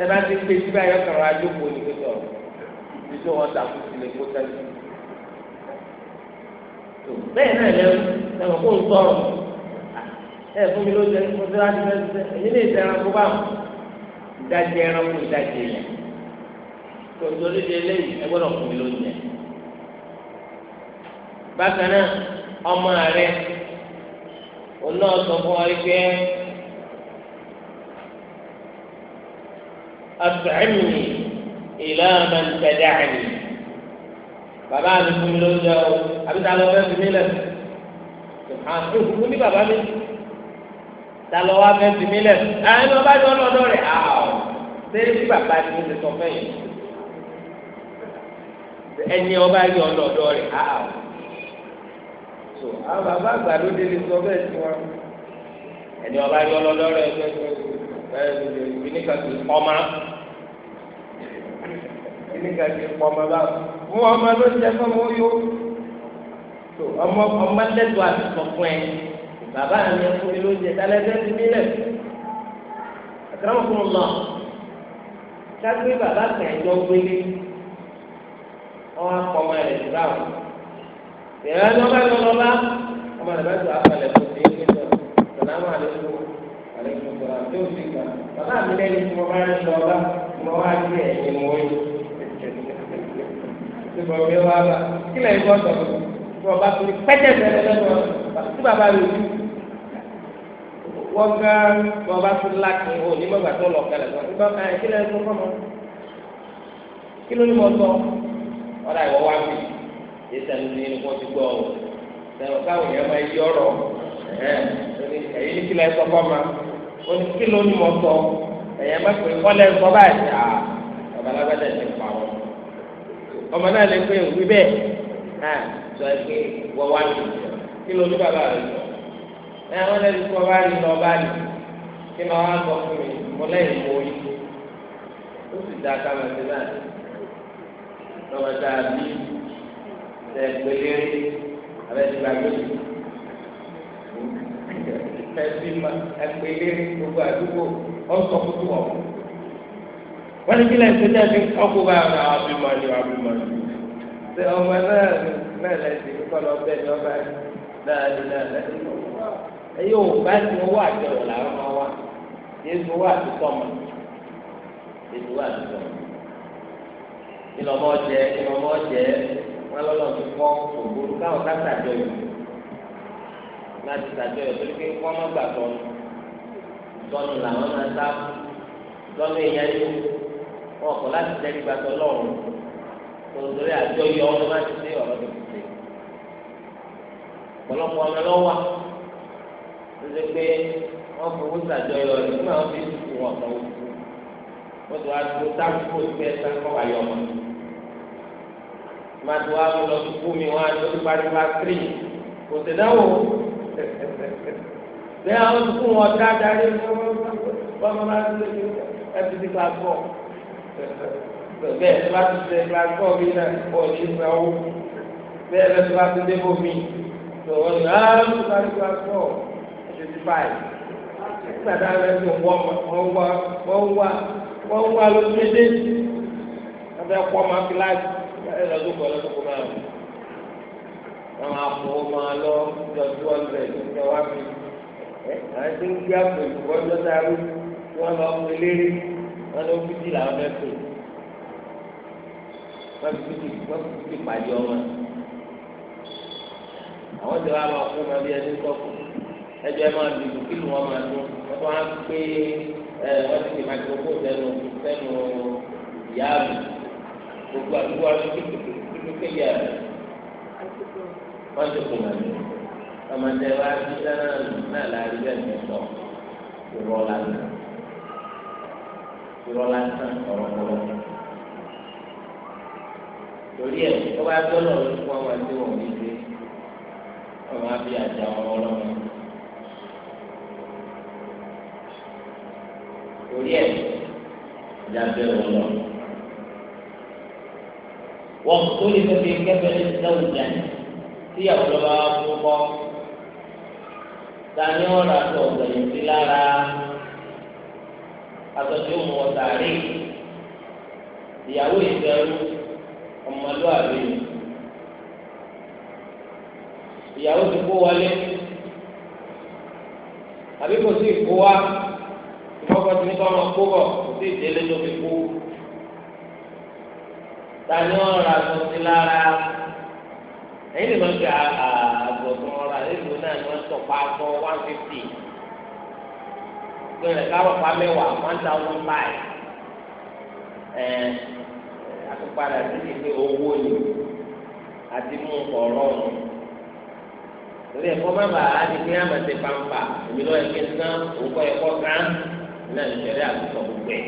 ẹ bá ti gbé síbẹ̀ ayọ́kọ̀rọ̀ adókòó ní pẹ̀tọ̀ ìdíjọ́ wọn ta kó tilẹ̀ kó tẹ́lẹ̀. bẹ́ẹ̀ náà lẹ́nu na kò ń sọ̀rọ̀ ẹ fún mi ló jẹ kó tó láti fẹ́ ṣiṣẹ́ èyí lè ṣe ẹranko bá wọn ìdajì ẹranko ìdajì ilẹ̀ tòótọ́ eléyìí ẹ gbọ́dọ̀ fún mi bàbá mi fún mi lóúnjẹ o àbí ta lọ fẹ́ fi mí lẹ̀ ṣùgbọ́n ìfún ní bàbá mi ta lọ wá fẹ́ fi mí lẹ̀ ẹni ọba yọ lọ́dọ̀ rẹ̀ àwọ̀ ṣé bí bàbá mi ti sọ fẹ́ yìí ẹni ọba yọ lọ́dọ̀ rẹ̀ àwọ̀ so àwọn bàbá àgbàlódé lè sọ bẹ́ẹ̀ sí wọn ẹni ọba yọ lọ́dọ̀ rẹ̀ ẹni kàkiri pọ́nmá ẹni kàkiri pọ́nmá báwo fún ọmọ ló ń jẹ fún ọmọ yó tó ọmọ ọmọ lẹ́tọ̀ àti sọ̀kún ẹ̀ bàbá mi ẹ̀ fún mi ló ń jẹ tálẹ́fẹ́ ti mí lẹ̀ àkàràmọ̀ fún un lọ ságbé bàbá kan ẹ̀jọ́ gbélé wọn á pọ̀ ọmọ rẹ̀ sí báwọn ìrẹ́ lọ́ba lọ́lọ́ba ọmọ rẹ̀ bá tó apalẹ̀ tó ti ń gbé sọ̀rọ̀ àlejò àlejò sọ̀rọ̀ àti òsì kan bàbá mi lẹ́yìn tí mo bá ń lọ bá mo wá sí ẹ̀yìn mọ́ yìí ìbọn bẹ wá bá kí lẹ́yìn bọ́ sọ fún mi ọba torí pẹ́tẹ́sẹ̀ lọ́dọ̀ tí bàbá rẹ̀ wí. wọ́n gá ọba tó láti ò ní bàbá tó lọ kẹlẹ̀ lọ ìbọn ẹ̀ kí lẹ́yìn tó kọ́mọ kí ló ní mọ sọ ọ̀dà ìwọ wá bí ìṣẹ̀ ní ní wọ́n ti gbọ́ ọ sẹ̀rọ̀ káwọn èèyàn máa yí ọ̀rọ̀ ẹ̀yìn ní kí lẹ́yìn tó kọ́mọ oní kí ló ní mọ sọ ẹ̀yìn má pè kọ́lẹ́ sọ báyìí ọmọ náà lè pé òwe bẹ́ẹ̀ náà sọ pé wọ́n wá lè sọ kí ló ní bàbá rẹ sọ ẹ wọn lè kó ọba rí lọ ọba rí kí máa wá sọ fún mi mo lẹ́yìn mo rí ó sì dá ká máa ṣe náà lọ́mọ tá a bí ṣe pélé abẹ́sí gbàgbé ẹbí ma ẹgbẹ́lé gbogbo àdúgbò ọ̀sọ̀ kúkú ọ̀hún wọ́n ní kílẹ̀ ìṣẹ́jà fi ọkọ̀ bá ọ̀nà àbímọ̀lì àbímọ̀lì. ṣé ọmọ náà náà lẹ́sìn kíkọ́ lọ bẹ́ẹ̀ ni ọba náà ní náà lẹ́sìn. ẹyẹ ò bá ti owó àjọyọ̀ làwọn máa wá yéésù wà ti tọ́mọ yéésù wà ti tọ́mọ. ìlọ́mọ jẹ ìlọ́mọ jẹ wọn lọ́lọ́ ti kọ́ òbúrú káwọn ká sàjọyọ̀ láti sàjọyọ̀ torí pé wọ́n má gbà tọ́nu tọ́nu làwọn máa sá tọ́nu ìyẹn ní ọkọ láti tẹ́lẹ̀ gbàtọ́ lọ́rùn tòótórí àjọyọ̀ ọdún láti ṣe ọ̀rọ̀ tó ti ṣe ọ̀pọ̀lọpọ̀ ọmọ lọ́wọ́ tó ṣe pé wọ́n fowó ṣàjọyọ̀ nígbà wọn fi sùkú wọn kàn wọ́n wọ́n tó wá tó táàkùkù ìgbẹ́ sáńkọ́ wà yọ ọmọ má tó wá lọ sùkú mi wọn àti oṣù pariwo àtìrì kò sì náwó bẹ́ẹ̀ àwọn sùkú wọn dáadáa lé wọn bá wọn bá ti lè ṣe ẹtì ti ká gbọ́ bẹ́ẹ̀ tó bá ti ṣe platform yìí náà pọ̀ ní ìsanwó bẹ́ẹ̀ lọ́sọ bá ti dé bómi tó wọ́n ní ààrùn ah, bá ti platform twenty five nígbà tá a lọ sí wọ́n wọ́n wá wọ́n wá wọ́n wá lójú méjèèjì wọ́n fẹ́ kọ́ máa kíláàsì ẹ̀ lọ́dún kan lọ́dún kan máa rùn wọn afọwọ́ máa lọ lọ́dún ọ̀sẹ̀ ìjọ wa fi ẹ̀ àwọn tí ń gbé àpò ìfọwọ́jọ́ sáré wọn lọ fún eléré wọn ní ogidi làwọn fẹ́ pè wọn fi kúti wọn fi kúti pàdé ọmọ àwọn tí wọn máa kú wọn bí ẹni sọkù ẹjọ ẹ máa dùn kí lù wọn máa dùn wọn tó wọn pé ẹ wọn ti máa tó kó sẹ́nu sẹ́nu ìyá mi gbogbo àdúgbò àti kíkókè kéyà mi wọn ti kù nàní ọmọdé wa ti dáná náà láàrin bẹ́ẹ̀ ní sọ ìrọ̀lá náà irọ́ lásán ọ̀rọ̀ kọ́lọ́. torí ẹ̀ tó bá gbọ́dọ̀ lórí wọn wá sí wọn ní ilé wọn máa fi àjà wọn ọlọ́run. torí ẹ̀ ìjà bẹ̀rù lọ. wọ́n tó lè fẹ́ fi kẹ́fẹ́ lẹ́wọ̀n jà ní tíyàwó lọ́wọ́ fún kọ́. ta ni wọ́n rà tó sí lára aṣọ tí ó mú ọ sàárè ìyàwó ìṣẹ́rú ọmọlúwàbí ìyàwó ti kó wọlé àbí kò sí ìkó wa ìfọwọ́ ti ní kọ́ ọmọ kó bọ̀ kò sí ìdílé tó fi kú tani ọ̀rọ̀ aṣọ sí lára ẹ̀yin lè máa gbé àgbọ̀gbọ̀n ọ̀rọ̀ àlejò náà ni wọ́n sọ pa aṣọ one fifty pín rẹ̀ kárọ̀ pa mẹ́wàá one thousand five ẹ̀ àtúpadà sí ti pé owó ni àti mú ọ̀rọ̀ ọ̀run torí ẹ̀kọ́ má bàa àti pé àmàtẹ́ pàmpà èmi lọ́ọ́ ẹ̀kẹ́ ná òkọ́ ẹ̀kọ́ kan náà ìṣẹ̀lẹ̀ àtúntò gbogbo ẹ̀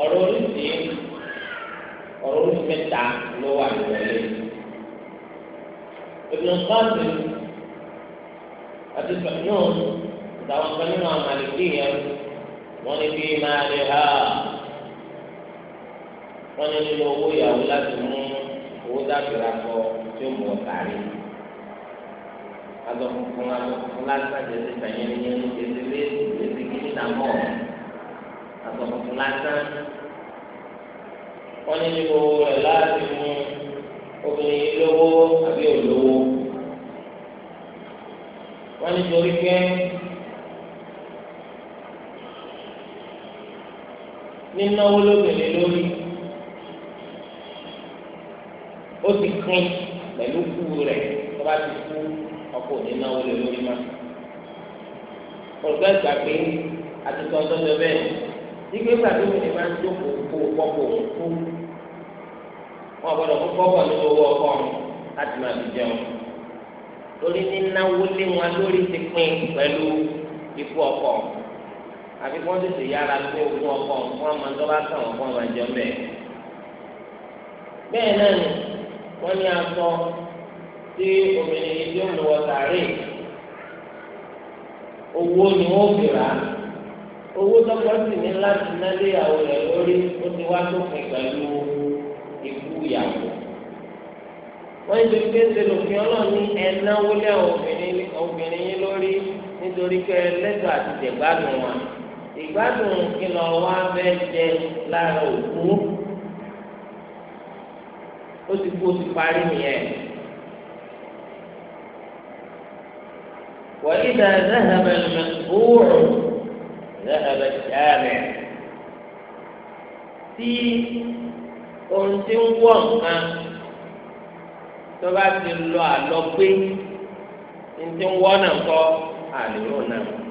ọ̀rọ̀ oríṣi ọ̀rọ̀ oríṣi mẹ́ta ló wà nílẹ̀ ìbùnú kọ́ọ̀tù àti sọ̀nù àtàwọn kan nínú àwọn àlèkè yẹn wọ́n ní bí máa lè ha wọ́n ní nínú owó ìyàwó láti mú owó dàbíra kọ tí ó mú ọ̀tá rí azọ funfun azọ funfun lásán jẹsẹ fẹyẹnìyẹn jẹsẹ léèdì jẹsẹ kìnnìkan mọ azọ funfun lásán wọ́n ní nínú owó rẹ láti mú obìnrin lówó àbí olówó wọ́n ní torí pé. ti náwó lóbìnrin lórí ó ti pín pẹ̀lú kú rẹ̀ tó bá ti kú ọkọ òní náwó lè lórí má. olùkọ́ ìgbà pé àtúntò ọ̀dọ́dọ̀ bẹ́ẹ̀ nígbà ìgbà tó mi máa ń jókòó kó pọ́pọ̀ òun kú wọn gbọ́dọ̀ kó pọ́pọ̀ nínú owó ọkọ láti máa fi jẹun lórí nínáwó lé wọn lórí ti pín pẹ̀lú ikú ọkọ ọ̀hún àbí kí wọ́n tètè yára gbé ogún ọkọ̀ fún ọmọ tó bá tàn wọ́n fún ọmọ jẹun bẹ́ẹ̀. bẹ́ẹ̀ náà ni wọ́n ní aṣọ tí obìnrin yìí tí ó lù wọ sàárè owó ni wọ́n fi rà á owó tọ́kọ sì ní láti ná lé ìyàwó rẹ̀ lórí ó ti wá sófin pẹ̀lú ikú ìyàwó. wọ́n ń dojú kéde lòfin ọlọ́run ní ẹ̀náwó lé àwọn obìnrin yín lórí nítorí pé ẹlẹ́tọ̀ àti tẹ̀gbádùn wọn ìgbádùn kìlọ̀ wa bẹ́ẹ̀ jẹ lára òkú ó ti kú ó ti parí nìyẹn. وإذا ذهب المتبوع ذهب التابع tí ohun tí ń wọ̀ nǹkan tó bá ti lọ àlọ́ pé ní ti ń wọ́ náà kọ́ àlùyọ̀ náà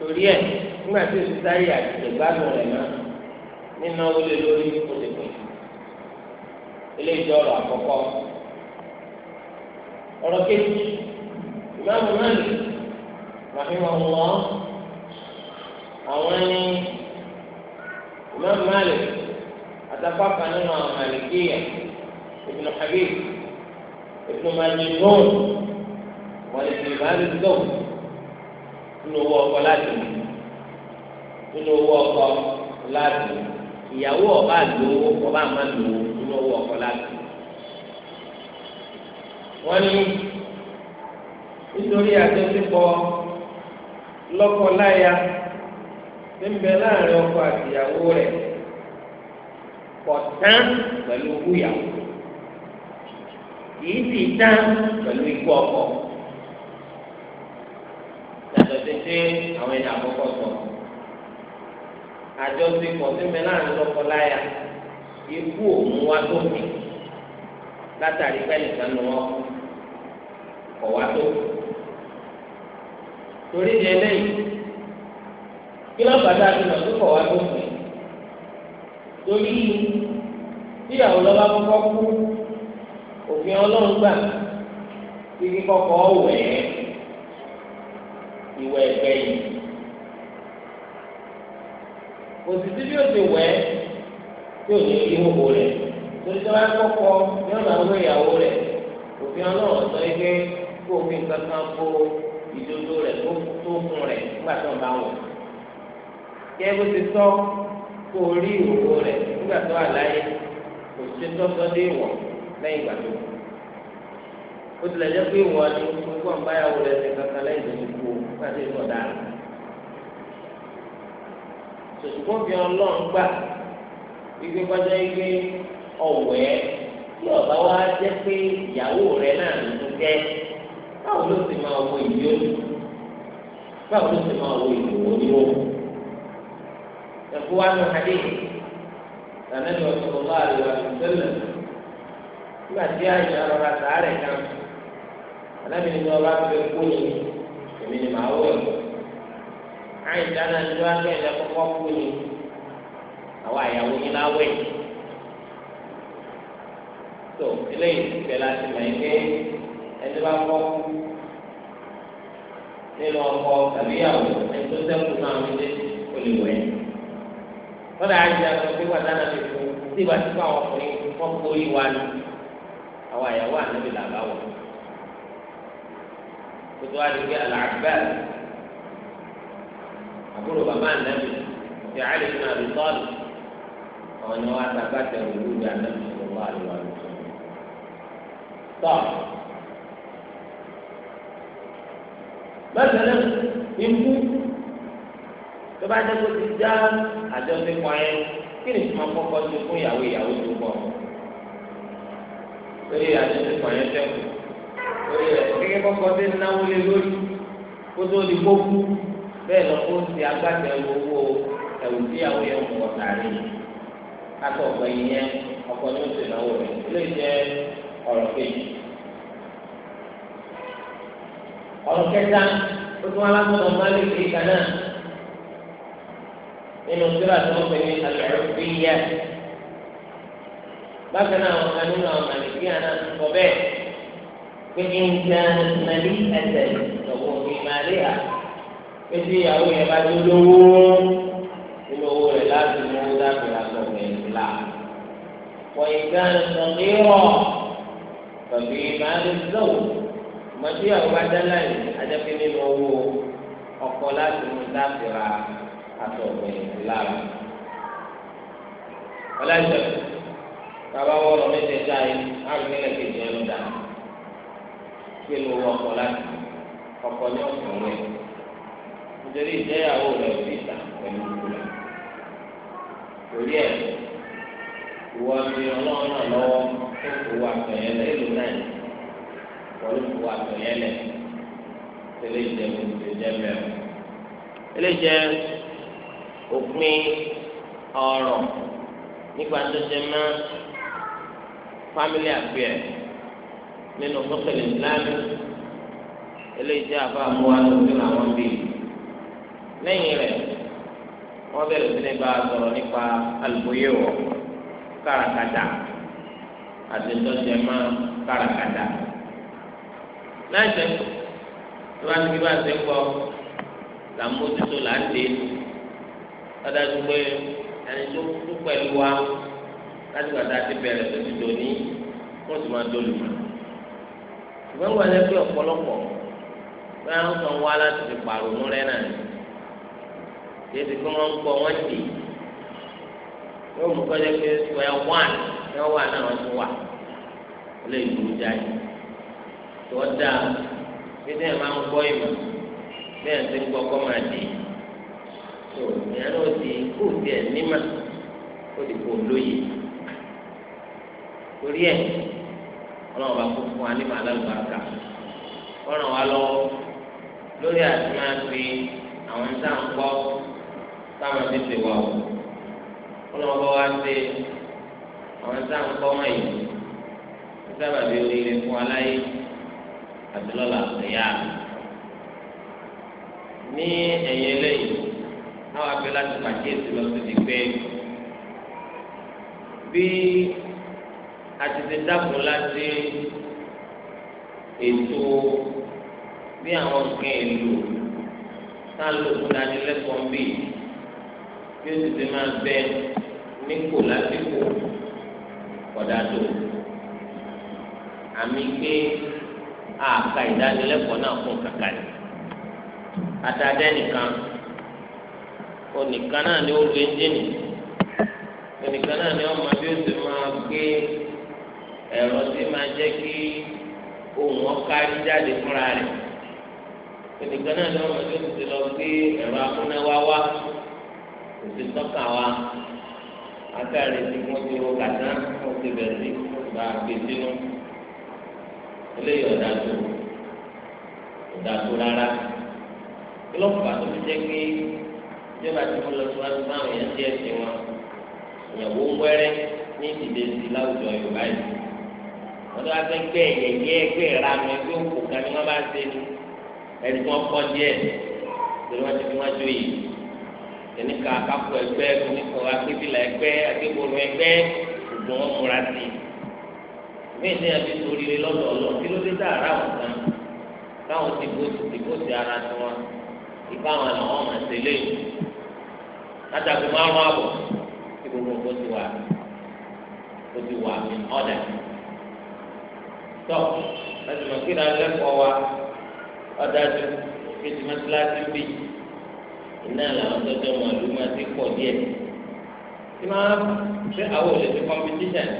torí ẹ̀ nígbà tí oṣù táyé àtìgbè gbádùn rẹ̀ náà nínú olè lórí kò lè pè eléyìí ọ̀rọ̀ àkọ́kọ́ ọ̀rọ̀ kejì ìmáàmù Málì rahimahullah àwọn ẹni ìmáàmù Málì àtàkọ́kọ́ nínú àwọn màlìkíyà ibn Habib ibn Majnun wọ́n lè fi ìbáraẹni lọ́wọ́ nínú owó ọkọ láti nínú owó ọkọ láti ìyàwó ọba lówó ọba máa lówó nínú owó ọkọ láti. wọ́n ní nítorí àjọṣepọ̀ lọ́kọ-láya tí láàrin ọkọ àtìyàwó rẹ̀ kò tán pẹ̀lú ikú ìyàwó kì sì tán pẹ̀lú ikú ọkọ yàtọ̀ sí pé àwọn ẹni àkọ́kọ́ sọ. àjọṣepọ̀ tí mi láàrin lọ́kọ-láya ikú òun wá tó mi látàrí pẹ́ẹ́lí sanu wọn kọ̀ wá tó. torí ìdí ẹlẹ́yìn kí lọ́pàá tó àti kọ̀ wá tó mi torí tíyàwó lọ́ba kọ́kọ́ kú òfin ọlọ́run gbà kí kíkọ́kọ́ wẹ̀ ẹ́ wẹ ẹgbẹ́ yìí òsìsì bí o ti wẹ tí o ní rí wọ́pọ̀ rẹ̀ torí tí wọ́n á kọ́kọ́ ní ọ̀nà àwọn ìyàwó rẹ̀ òfin ọlọ́run sọ yìí pé kó òfin kankan kó ìdodo rẹ̀ tó fún rẹ̀ nígbà tó ń bá wọ̀ kí ẹ bó ti sọ kó o rí ìwòwò rẹ̀ nígbà tó wà láyé kò ṣe tọ́tọ́ dé ìwọ̀ lẹ́yìn ìgbà tó kù ó tilẹ̀ jẹ́ pé ìwọ ni gbogbo àwọn báyàwó rẹ̀ ti kankan lẹ́yìn lórí ikú káṣí ìlú ọ̀dà rẹ̀. sòṣùkún fi ọlọ́run gbà wípé kọjá wípé ọ̀wẹ́ tí ọ̀bá wa jẹ́ pé ìyàwó rẹ̀ náà ló tún jẹ́ báwo ló sì máa wo ìlú báwo ló sì máa wo ìlú oníwó. ẹ̀fọ́ wa nù hadé tànẹ́lì ọ̀sán ọ̀gá àríwá ìṣẹ̀lẹ̀ nígbà tí àyè ọ̀rọ̀ ra kan alábi ni wọn bá fẹ́ kú ni èmi ni màá wẹ̀ àyìn dáná ni wọn bẹ ẹ kọ́kọ́ kú ni àwọn àyàwó yín láwẹ̀ tó eléyìí bẹ láti mọ ẹgbẹ ẹni bá kọ nínú ọkọ tàbí ìyàwó ẹni tó ṣẹ́kù náà ní ilé olùwẹ lọ́dà àyìn dáná ni wọn dáná ti fún tí tí wọn ọkùnrin wọn kórìí wa ni àwọn àyàwó ànábìlà bá wọ̀. kótó wá lórí Al-Abbas àbúrò bàbá ànábì ti àlè fún àbí tọ́lù àwọn ni wọ́n àtàkà tẹ̀lé lórí ànábì sọ̀rọ̀ wà lórí àbí tọ́lù. tọ́ mẹ́tẹ̀lẹ́ ikú tó bá jẹ́ kó ti já àjọṣepọ̀ yẹn kí ni ìtumọ̀ kọ́kọ́ ti fún ìyàwó ìyàwó tó pọ̀ lórí àjọṣepọ̀ yẹn tẹ̀kù. kékeré kọ́kọ́ tẹ́ náwó lé lórí kótó di kókú bẹ́ẹ̀ lọ kó ti agbátẹ̀wò owó ẹ̀wù tíyàwó yẹn ń kọ̀ tààrí kátó ọ̀gbẹ́ yìí yẹn ọkọ̀ ní oṣù náwó rẹ̀ lè jẹ́ ọ̀rọ̀ kejì. ọ̀rọ̀ kẹta ó tún alákòóso máàlì kiri kan náà nínú síra tó ń pè ní alẹ́rú bíyà bákan náà àwọn kan nínú àwọn màlìkíyà náà ti sọ bẹ́ẹ̀. فإن كانت مليئة فهو في مالها pété ìyàwó yẹn bá tó lówó nínú owó rẹ̀ láti mú owó dábì lásán ní ìlà wọ́n ìgbà nìkan ní ọ̀ tàbí máa lè lọ́wọ́ mọ̀tí ìyàwó bá dá láì ajẹ́pé nínú owó ọkọ láti mú dábì ra àtọ̀gbẹ̀ ọlọ́jọ́ bàbá wọ́ọ̀rọ̀ méjèèjì ayé àrùn nílẹ̀ kejì ẹ̀ ló dáa pé ló wọ ọkọ láti ọkọ ní ọ̀sán rẹ̀ nítorí ìjẹ́yàwó rẹ̀ ò ní ìta pẹ̀lú ìlú rẹ̀ torí ẹ̀ ìwọ ni ọlọ́run náà lọ́wọ́ tó kó wa tọ̀yẹ́ lẹ́ ìlú náà wọ́n kó wa tọ̀yẹ́ lẹ̀ tẹ́lẹ̀ jẹ́ gbogbo jẹ́ bẹ́ẹ̀ tẹ́lẹ̀ jẹ́ òpin ọ̀rọ̀ nípa tó jẹ mọ́ family affair nínú fọ́kẹ̀lẹ̀ ìsìlámù eléyìí jẹ́ àbá àmúwa tó fi hàn wọ́n bí. lẹ́yìn rẹ̀ wọ́n bẹ̀rẹ̀ sí ní bá a sọ̀rọ̀ nípa àlùbọ́yé wọ̀ káràkátà àti tọ́jẹ́mọ́ káràkátà. láìsẹ̀ tó bá ti fi bá a ṣe ń kọ́ là ń mójútó là ń dé lọ́dájú pé ẹni tó kú pẹ̀lú wa láti gbàdá ti bẹ̀rẹ̀ tó ti dò ní wọ́n ti máa dolùmọ̀ ìgbẹ́ wà lẹ́gbẹ́ ọ̀pọ̀lọpọ̀ bẹ́ẹ̀ ń sọ wá láti fi pàrọ̀nù rẹ náà yéèdì kí wọ́n ń gbọ́ wọ́n dì yóò mú kọ́jà pé square one ní wọ́n wà náà wọ́n ti wà lè dùn jáde tó dáa bí sẹ́yìn máa ń gbọ́ ìmọ̀ bẹ́ẹ̀ ń gbọ́ kọ́ máa dì tó ìyá náà ti kó tiẹ̀ nímà ó ti kó lóye torí ẹ̀ ọlọ́run bá kó fún wa ní màálà lùbáàkà ọ̀ràn wa lọ́wọ́ lórí àti máa fi àwọn tá à ń gbọ́ táwọn ti ṣe wà o ọlọ́run bá wá ṣe àwọn tá à ń gbọ́ wọ̀nyí sábà bí oríire fún aláyé àti lọ́la ẹ̀yà ní ẹ̀yìn eléyìí náà wàá fẹ́ láti pàkíyèsí lọ sí ti pé bí àti ti dàpọ̀ láti ètò bí àwọn nǹkan èlò tá a lò fún ìdánilẹ́kọ̀ọ́ ń bì bí ó sì ti máa bẹ nípò lásìkò kọ̀dà tó àmì pé àka ìdánilẹ́kọ̀ọ́ náà fún kàkà ni àtàdé nìkan onìkan náà ni ó lu ẹ́ńjìnì onìkan náà ni ó mọ bí ó sì máa gbé ẹ̀rọ sì máa jẹ́ kí ohun ọ̀kárí jáde fúnra rẹ̀ ẹnìkan náà lọ́wọ́ tó ti ti lọ gbé ẹ̀rọ amúnáwá wá kò sí tọ́ka wa látàrí tí wọ́n ti ro kàtá wọ́n ti bẹ̀rẹ̀ sí gba gbèsínú eléyìí ọ̀dà tó ọ̀dà tó rárá kí ló fà tó fi jẹ́ pé ìjọba tí wọ́n lọ síwájú báwọn yẹn ti ẹ̀sìn wọn ìyàwó ń wẹ́rẹ́ ní ìdílé sí láwùjọ Yorùbá yìí wọn ní wọn fẹ́ gbẹ yẹyẹ gbẹ ìranù ẹgbẹ òkú kan ni wọn bá ṣe ni ẹni tí wọn kọ díẹ̀ tí wọn ti fi wọn jó yìí ẹni kan akápò ẹgbẹ ẹni kan agbébìlà ẹgbẹ agbébọlù ẹgbẹ gbogbo wọn múra sí i bẹ́ẹ̀ ní ẹbí torí rẹ lọlọlọ kí ló dé dá ara wọn kan káwọn ti bó ti bó ti ara tiwọn ìfá wọn làwọn máa ṣe léyìn látàkùn márùn àbọ̀ kí gbogbo nǹkan ti wà ó ti wà mí ọ̀dà tọ́ láti mọ̀ kí ni alẹ́kọ̀ọ́ wa ọ̀dájú kéjì mọ́tíláṣí ń bì iná làwọn tọ́jú ọmọ ìlú máa ti pọ̀ díẹ̀ tí máa ṣe àwọn òṣèlú competition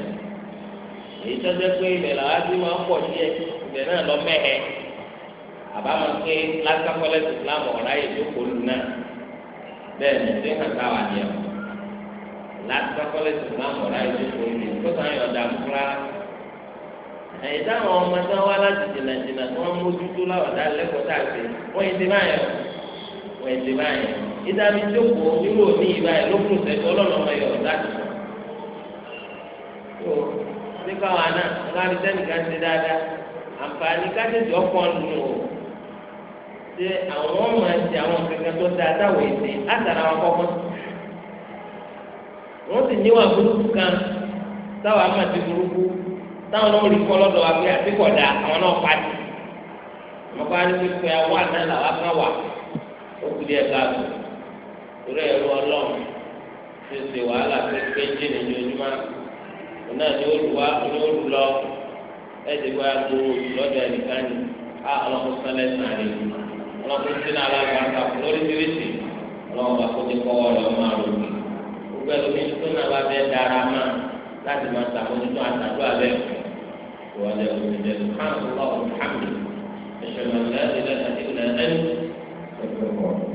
èyí tọ́jú pé ilẹ̀ làwọn ti máa pọ̀ díẹ̀ ibẹ̀ náà lọ mẹ́hẹ̀ àbá máa pé lásìkọ́lẹ́sì Islam ọ̀rá ìjókòó lù náà bẹ́ẹ̀ ni ṣé hàn táwa ni ẹ̀ lásìkọ́lẹ́sì Islam ọ̀rá ìjókòó lù tó sáyẹn ọ̀dà fúnra. na táwọn ọmọ tí wọ́n wá láti jìnnà jìnnà tí wọ́n mójútó láwàdá jókòó nínú òní ìgbà yẹn ló kùn ọmọ tó nípa wà náà láti sẹ́nìkan ti dáadáa àǹfààní kájèjì ọkàn nù o ṣe àwọn ọmọ ẹ̀sìn àwọn kankan tó dáa táwọn èsì látara wọn táwọn náà rí kọ́ lọ́dọ̀ wa pé àbíkọ̀ dà àwọn náà pàdé wọn bá ní pé àwa náà làwa kan wà ó kú díẹ̀ káàtó torí ẹ̀rọ ọlọ́run tó ṣe wàhálà tó ṣe péjì nìjọjúmọ́ òun náà ni ó lù wá ó ní ó lù lọ ẹ̀ẹ́dì wá gbowó lọ́dọ̀ ẹnìkan ni á ọlọ́run sálẹ̀ sàn rè ọlọ́run sínú alágbàtà lórí tìrìtì ọlọ́run bá kó ti kọ́ ọ̀rọ̀ máa rò gbé gbogbo ẹlòmíín tó náà bá fẹ́ dára máa láti máa ṣàmójútó àtàdúrà bẹ́ẹ̀ وجل من سبحانك اللهم وبحمدك أشهد أن لا إله إلا أنت أستغفرك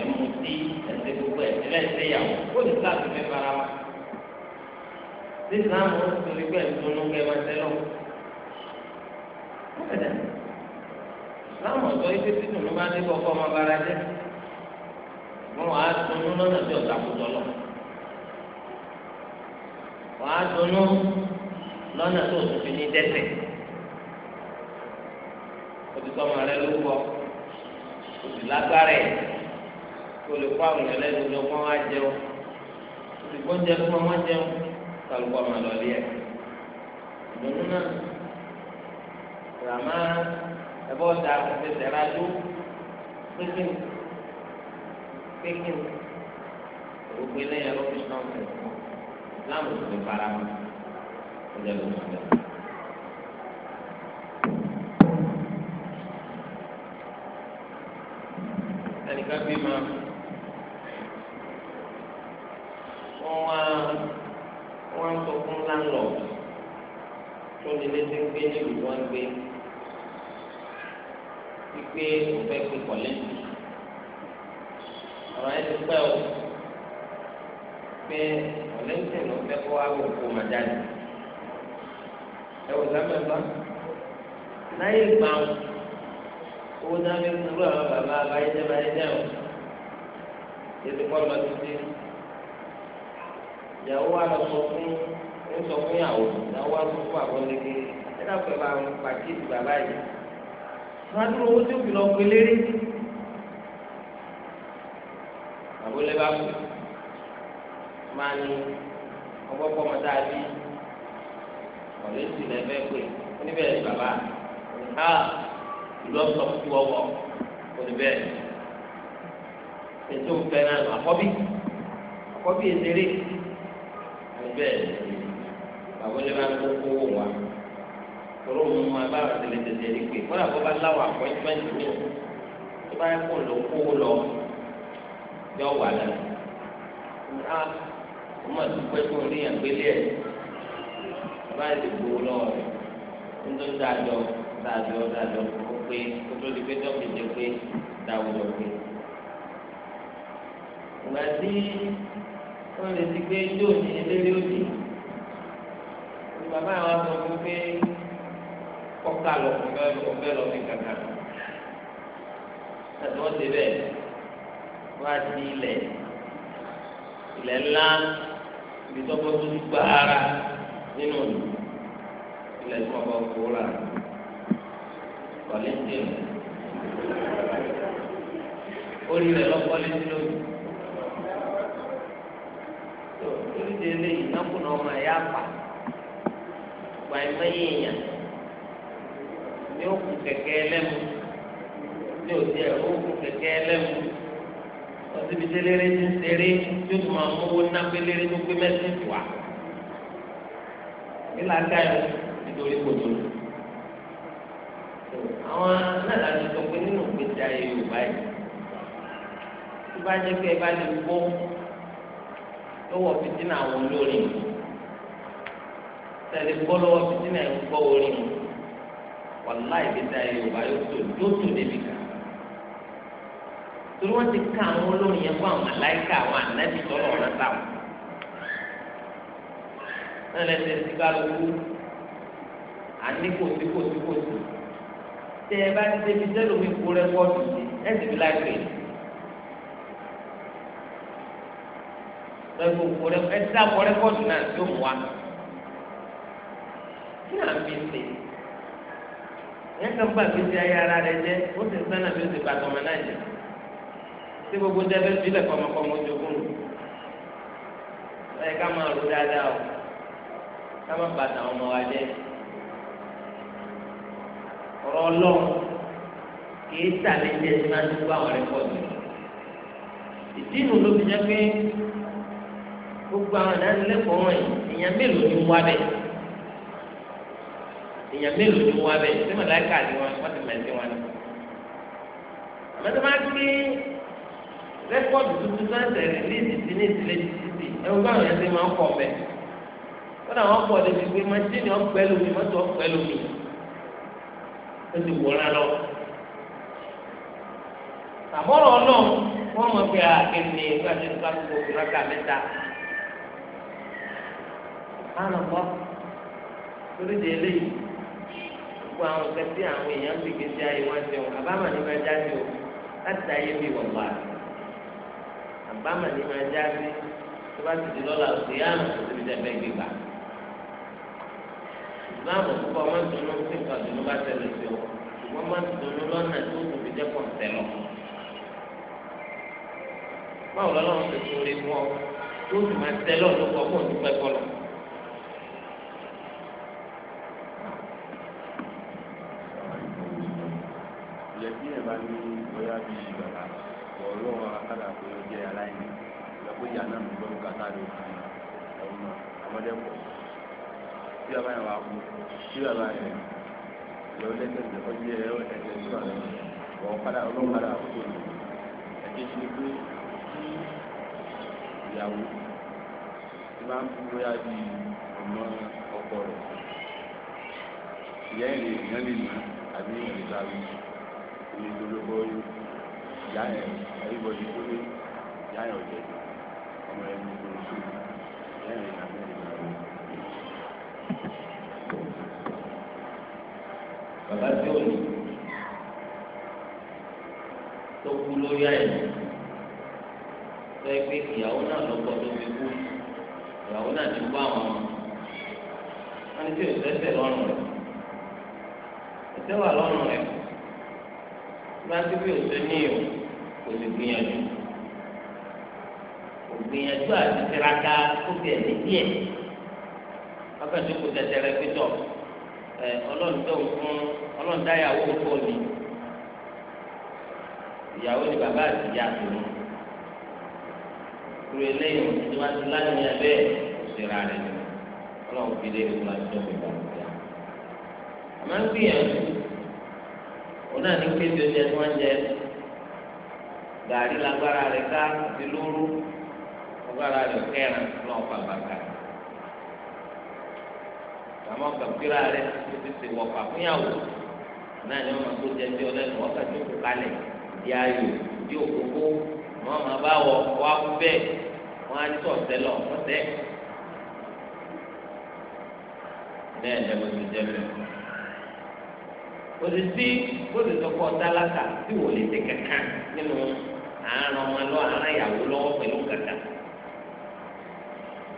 ẹ̀ mú tí ẹ̀sẹ̀ gbogbo ẹ̀sẹ̀ lẹ́sẹ̀ yà wọ́n kó ní sáàtì fẹ́ fara wa. sí ìsìlámù ó ti rí pẹ̀lú tó ń kẹ́ máa tẹ́lọ̀. kọ́kẹ́dà ìsìlámù ọ̀tọ̀ ibi tí tùnú bá dé kọ́kọ́ ọmọ bára jẹ́. wọ́n wàá tunu lọ́nà tí ọ̀tà kò tọ̀ lọ. wàá tunu lọ́nà tó tún fi ní dẹ́sẹ̀. òtítọ́ ọmọ rẹ ló kọ́ òtítọ́ agbára ẹ̀ kó lè kó àwọn ẹlẹ́nu lọ kó wá jẹun olùkọ́ jẹ kó wọ́n jẹun kálukọ́ máa lọ lé ẹ̀ ìdùnnú náà ràmá ẹ̀bọ́ ta fẹsẹ̀ ra dó pékin pékin gbogbo eléyà ló fi sàn fún Islam tó ti fara mọ́ ọjà ló ń sọ. ẹnìkan bí ó ní létí pé nílùú wọn gbé wípé o fẹ́ pé kọ̀lẹ́ǹtì ọ̀rọ̀ yẹn ti pẹ́ o pé kọ̀lẹ́ǹtì ló fẹ́ kó wá gbogbo màdáni ẹ wò sábẹ́ bá láyé ìgbà owó náà fi kúrú àwọn bàbá abáyéjẹ́ abáyéjẹ́ o ètò kọ́ lọ títí ìyàwó wa lọ sọ fún ó sọ fún ìyàwó náà wá sọ fún àbọ̀lé pé ẹ dàpọ̀ ẹ bá ń pàkíyèsí bàbá yìí. wọ́n á dúró owó tó fi lọ pé lérí. àbọ̀lé bá kú máa ní ọgbọ́n pọ̀ mọ́tà bí ọ̀rẹ́ sì lẹ́fẹ́ pé oníbẹ̀ ẹ̀ bàbá ha ìlú ọ̀sán kú ọwọ́ oníbẹ̀ ètò ìfẹ́ náà àkọ́bí àkọ́bí ètèrè oníbẹ̀ ẹ̀ àbọ̀lé bá tó kówó wa tóró mu ma bá tẹ̀lé tẹ̀lé rí pé kọ́lá bó bá láwọ̀ àpọ́ńtmẹ́ǹtì mi tó bá yẹ kó lọ kówó lọ yọ wà lẹ́nu a ó mà dúpẹ́ tó ń rí àgbélé ẹ̀ bá yẹ kó lọ lọ́wọ́ rẹ̀ nítorí dájọ́ dájọ́ dájọ́ kó pé kó tó di pé dọ́kì jẹ pé dáwùjọ pé ìgbà tí wọ́n lè ti gbé yóò ní eléré òdì bàbá àwọn ọmọ mi pé kọ́ka lọ fún bẹ́ẹ̀ lọ fi kàkà tàbí wọ́n ti bẹ́ẹ̀ wọ́n á di ilẹ̀ ilẹ̀ ńlá ibi tó bọ́ tó gbà ara nínú ilẹ̀ tó bọ́ kó rà kọ́lẹ́tì orí rẹ̀ lọ́kọ́lẹ́tì lónìí tó orí rẹ̀ lẹ́yìn náà kùnà ọmọ ẹ̀yà pa ọ̀pọ̀ àìmọye èèyàn ní òkú kẹ̀kẹ́ ẹlẹ́mu ní òdi ẹ̀rọ òkú kẹ̀kẹ́ ẹlẹ́mu ọsibí tẹlẹrẹ ti tẹrẹ tó tó máa mú owó ná pélére tó gbé mẹsẹ̀jì wá nílá káyọ̀ nítorí kòtò àwọn aláàlú sọ pé nínú ìgbésí ayé Yorùbá yìí tó bá jẹ́ pé ẹ bá lè gbọ́ lọ́wọ́ fìdí náà wọ́n lórí yìí tẹ̀lé gbọ́lọ́wọ́ títí náà ń gbọ́ orin mu wàláì bí ta yorùbá yóò tó yóò tó débi kan torí wọ́n ti ká àwọn olórin yẹn fún àwọn aláìka àwọn ànábì tọ́lọ̀ ọ̀rẹ́ sáwọn náà lẹ́sẹ̀ sí kálukú àníkòsíkòsíkòsí tẹ ẹ bá ti débi sẹ́lómi kú rẹ́kọ́ọ̀dù sí ẹ sì fi láì pè é. lọ́gbọ̀n kú rẹ́kọ́ọ̀dù náà tó mú wa kí là ń fi ṣe ẹ kàn gbà fi ṣe ayé ara rẹ jẹ ó sì sánà bí ó sì pàtó ọmọ náà jẹ tí gbogbo jẹbẹ sílẹ̀ kọmọkọmọ jogún ẹ ká máa ro dáadáa o ká má bàtà ọmọ wa jẹ ọ̀rọ̀ Ọlọ́run kìí sàlẹ jẹ tí máa ti gbọ́ àwọn rẹ pọ jù ìdí ìlú ló fi jẹ pé gbogbo àwọn ìdánilẹ́kọ̀ọ́ wọ̀nyí èèyàn mélòó ni wá bẹ́ẹ̀ èèyàn mélòó ni wọ́n abẹ́ ṣé màláìka ni wọ́n wọ́n ti mẹ̀sí wọn ni. àmọ́tí máa gbé rẹ́kọ̀dù tuntun sáńsẹ̀ rìlíìsì sí ní ìdílé títì ẹ̀rù bá àwọn ẹ̀sìn máa ń pọ̀ bẹ́ẹ̀. wọ́n náà wọ́n pọ̀ débi pé mọ́tíìnì ọ̀pẹ́ lómi mọ́tò ọ̀pẹ́ lómi ó ti wòran lọ. àbọ̀rọ̀ ọlọ́run wọ́n mọ̀ pé àkẹ́ni ìgbà tó ń bá gbogbo ìrákà mẹ́ta. á bọ́ torí de eléyìí gbogbo àwọn nǹkan tí àwọn èèyàn ń gbègbè sí ayé wọn ṣe wọn àbámà ni máa jáde o láti ayé bí wọn wà àbámà ni máa jáde tó bá ti di lọ́la òsè àmà tó ti dẹ̀ bẹ́ẹ̀ gbégbà ìsìláàmù púpọ̀ máa ń dùnnú sí nǹkan dùnnú bá tẹ̀lé sí o ṣùgbọ́n máa ń dùnnú lọ́nà tó kò fi jẹ́ pọ̀ tẹ̀lọ́ báwo lọ́lọ́run ti sọ orí fún ọ tó sì máa tẹ́lọ̀ ló bóyá bí bàbá ọ̀rọ̀ akádà pé ó jẹ́ aláìní lọ́pọ̀ ìyá náà ló ń kàtà ló ya ọmọ ọmọdé pọ̀ tí bàbá yẹn wà kú tí bàbá ya ọ lẹ́sẹ̀sẹ̀ ya ọ ni pé kí ìyàwó ń bóyá bí ọmọ ọkọ ìyá ìrìn ìyá lè àbí ìrìn ìgbà ilé ìdólógbó ìyá yẹn everybody tó lé ìyá yẹn ọ̀jẹ̀ ọmọ yẹn ní ìgboro sùn ìyá yẹn ìyá yẹn ìyá yẹn. bàbá tí ó ní tó kú lórí àìsàn tó yẹ pé ìyàwó náà lọ́kọ́ tó fi kú ìyàwó náà ti bá àwọn wọn ní tí ò sẹ́sẹ̀ lọ́rùn rẹ̀ ẹ̀sẹ̀ wà lọ́rùn rẹ̀ láti bí òṣè ní ìhò kò sì gbìyànjú kò gbìyànjú àti tiraka tó fi ẹ̀mí díẹ̀ wákàtí kò tẹ̀tẹ̀rẹ̀ pítọ̀ ẹ ọlọ́run tó ń fún ọlọ́run dáyàwó ń fún ni ìyàwó ni bàbá àti ìyá tó ń kúrò eléyìí tí wọ́n ti láti ní abẹ́ òṣèrà rẹ̀ ọlọ́run fi lé ìwúlá tó ń bọ̀ àmọ́ ń gbìyànjú òun náà ní kéde oúnjẹ tí wọ́n jẹ gàrí lágbára rẹ̀ ká ti lóru lágbára rẹ̀ kẹrin náà fà bàtà àmọ́ kàpírà rẹ̀ tó ti ṣe wọ̀pà fúnyàwó náà ni wọ́n máa tó jẹ tí ọlẹ́nu wọ́n kàtí òkú kalẹ̀ di ayò di òkókó wọ́n máa bá wọ wá kú bẹ́ẹ̀ wọ́n á tó ọ̀sẹ̀ lọ ọ̀sẹ̀ bẹ́ẹ̀ lẹ́gbẹ̀ẹ́ tó jẹ bẹ́ẹ̀ kò sì sí kó sì sọ pé ọ̀tá láta tí wò lè ṣe kankan nínú àárọ̀ ọmọ lọ àárọ̀ ìyàwó lọ́wọ́ pẹ̀lú kankan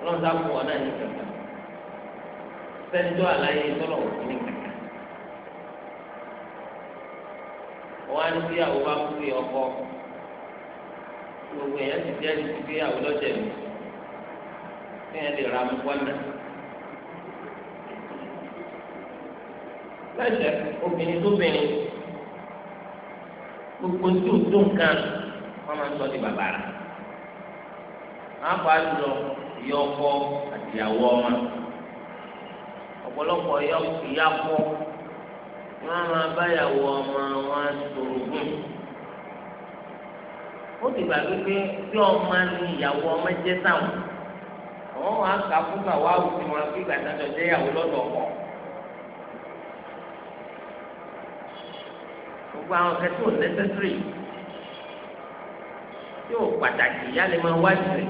ọlọ́run sá fún ọ náà ní kankan sẹ́ńtọ́ àlàyé tọ́lọ̀ òkú ní kankan wọ́n á ní bí àwọn bá kú ní ọkọ gbogbo èèyàn ti jẹ́ ní bí àwọn lọ́jẹ̀ mi kí wọ́n lè ra mú wọ́n náà. lẹ́sẹ̀ obìnrin tóbìnrin gbogbo tí o tó nǹkan wọ́n máa ń sọ di bàbá rẹ̀ máa bá a lọ ìyá ọkọ àti ìyàwó ọmọ ọ̀pọ̀lọpọ̀ ìyá ọkọ wọ́n máa bá ìyàwó ọmọ wọn sọ̀rọ̀ gùn ó ti gbà wípé bí ọmọ ni ìyàwó ọmọ jẹ́ sáwọn àwọn wọn á kà fún bàwá àwùjọ wọn bí gbàdájọ jẹ́ ìyàwó lọ́dọ̀ ọkọ. gbogbo àwọn kẹtí ò nẹ́sẹ̀sìrì yóò pàtàkì ìyá lè máa wá jù rẹ̀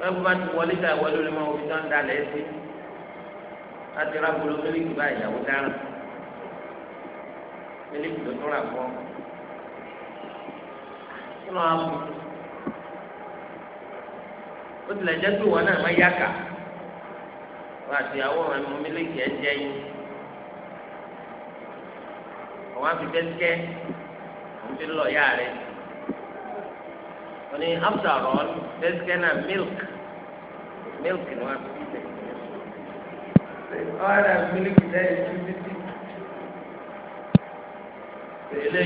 báwo bá ti wọlé ká ìwọlé olè máa wọlé dáńdá lẹ̀ ẹ́ sí láti rà bolo mílíkì bá ìyàwó dáràn mílíkì tó tó rà fọ́ kí ló wá kú ó tilẹ̀ jẹ́ pé ìwọ náà má yá kà wọ́n àti ìyàwó rẹ̀ mú mílíkì ẹ̀ jẹ́ yín wọn á fi bẹ́sikẹ́ òun ti lọ yá rẹ̀ wọ́n ní after all bẹ́sikẹ́ náà milk milk ni wọ́n á fi bẹ́ẹ̀ ọ̀rẹ́ mílíkì lẹ́yìn tí ó ti.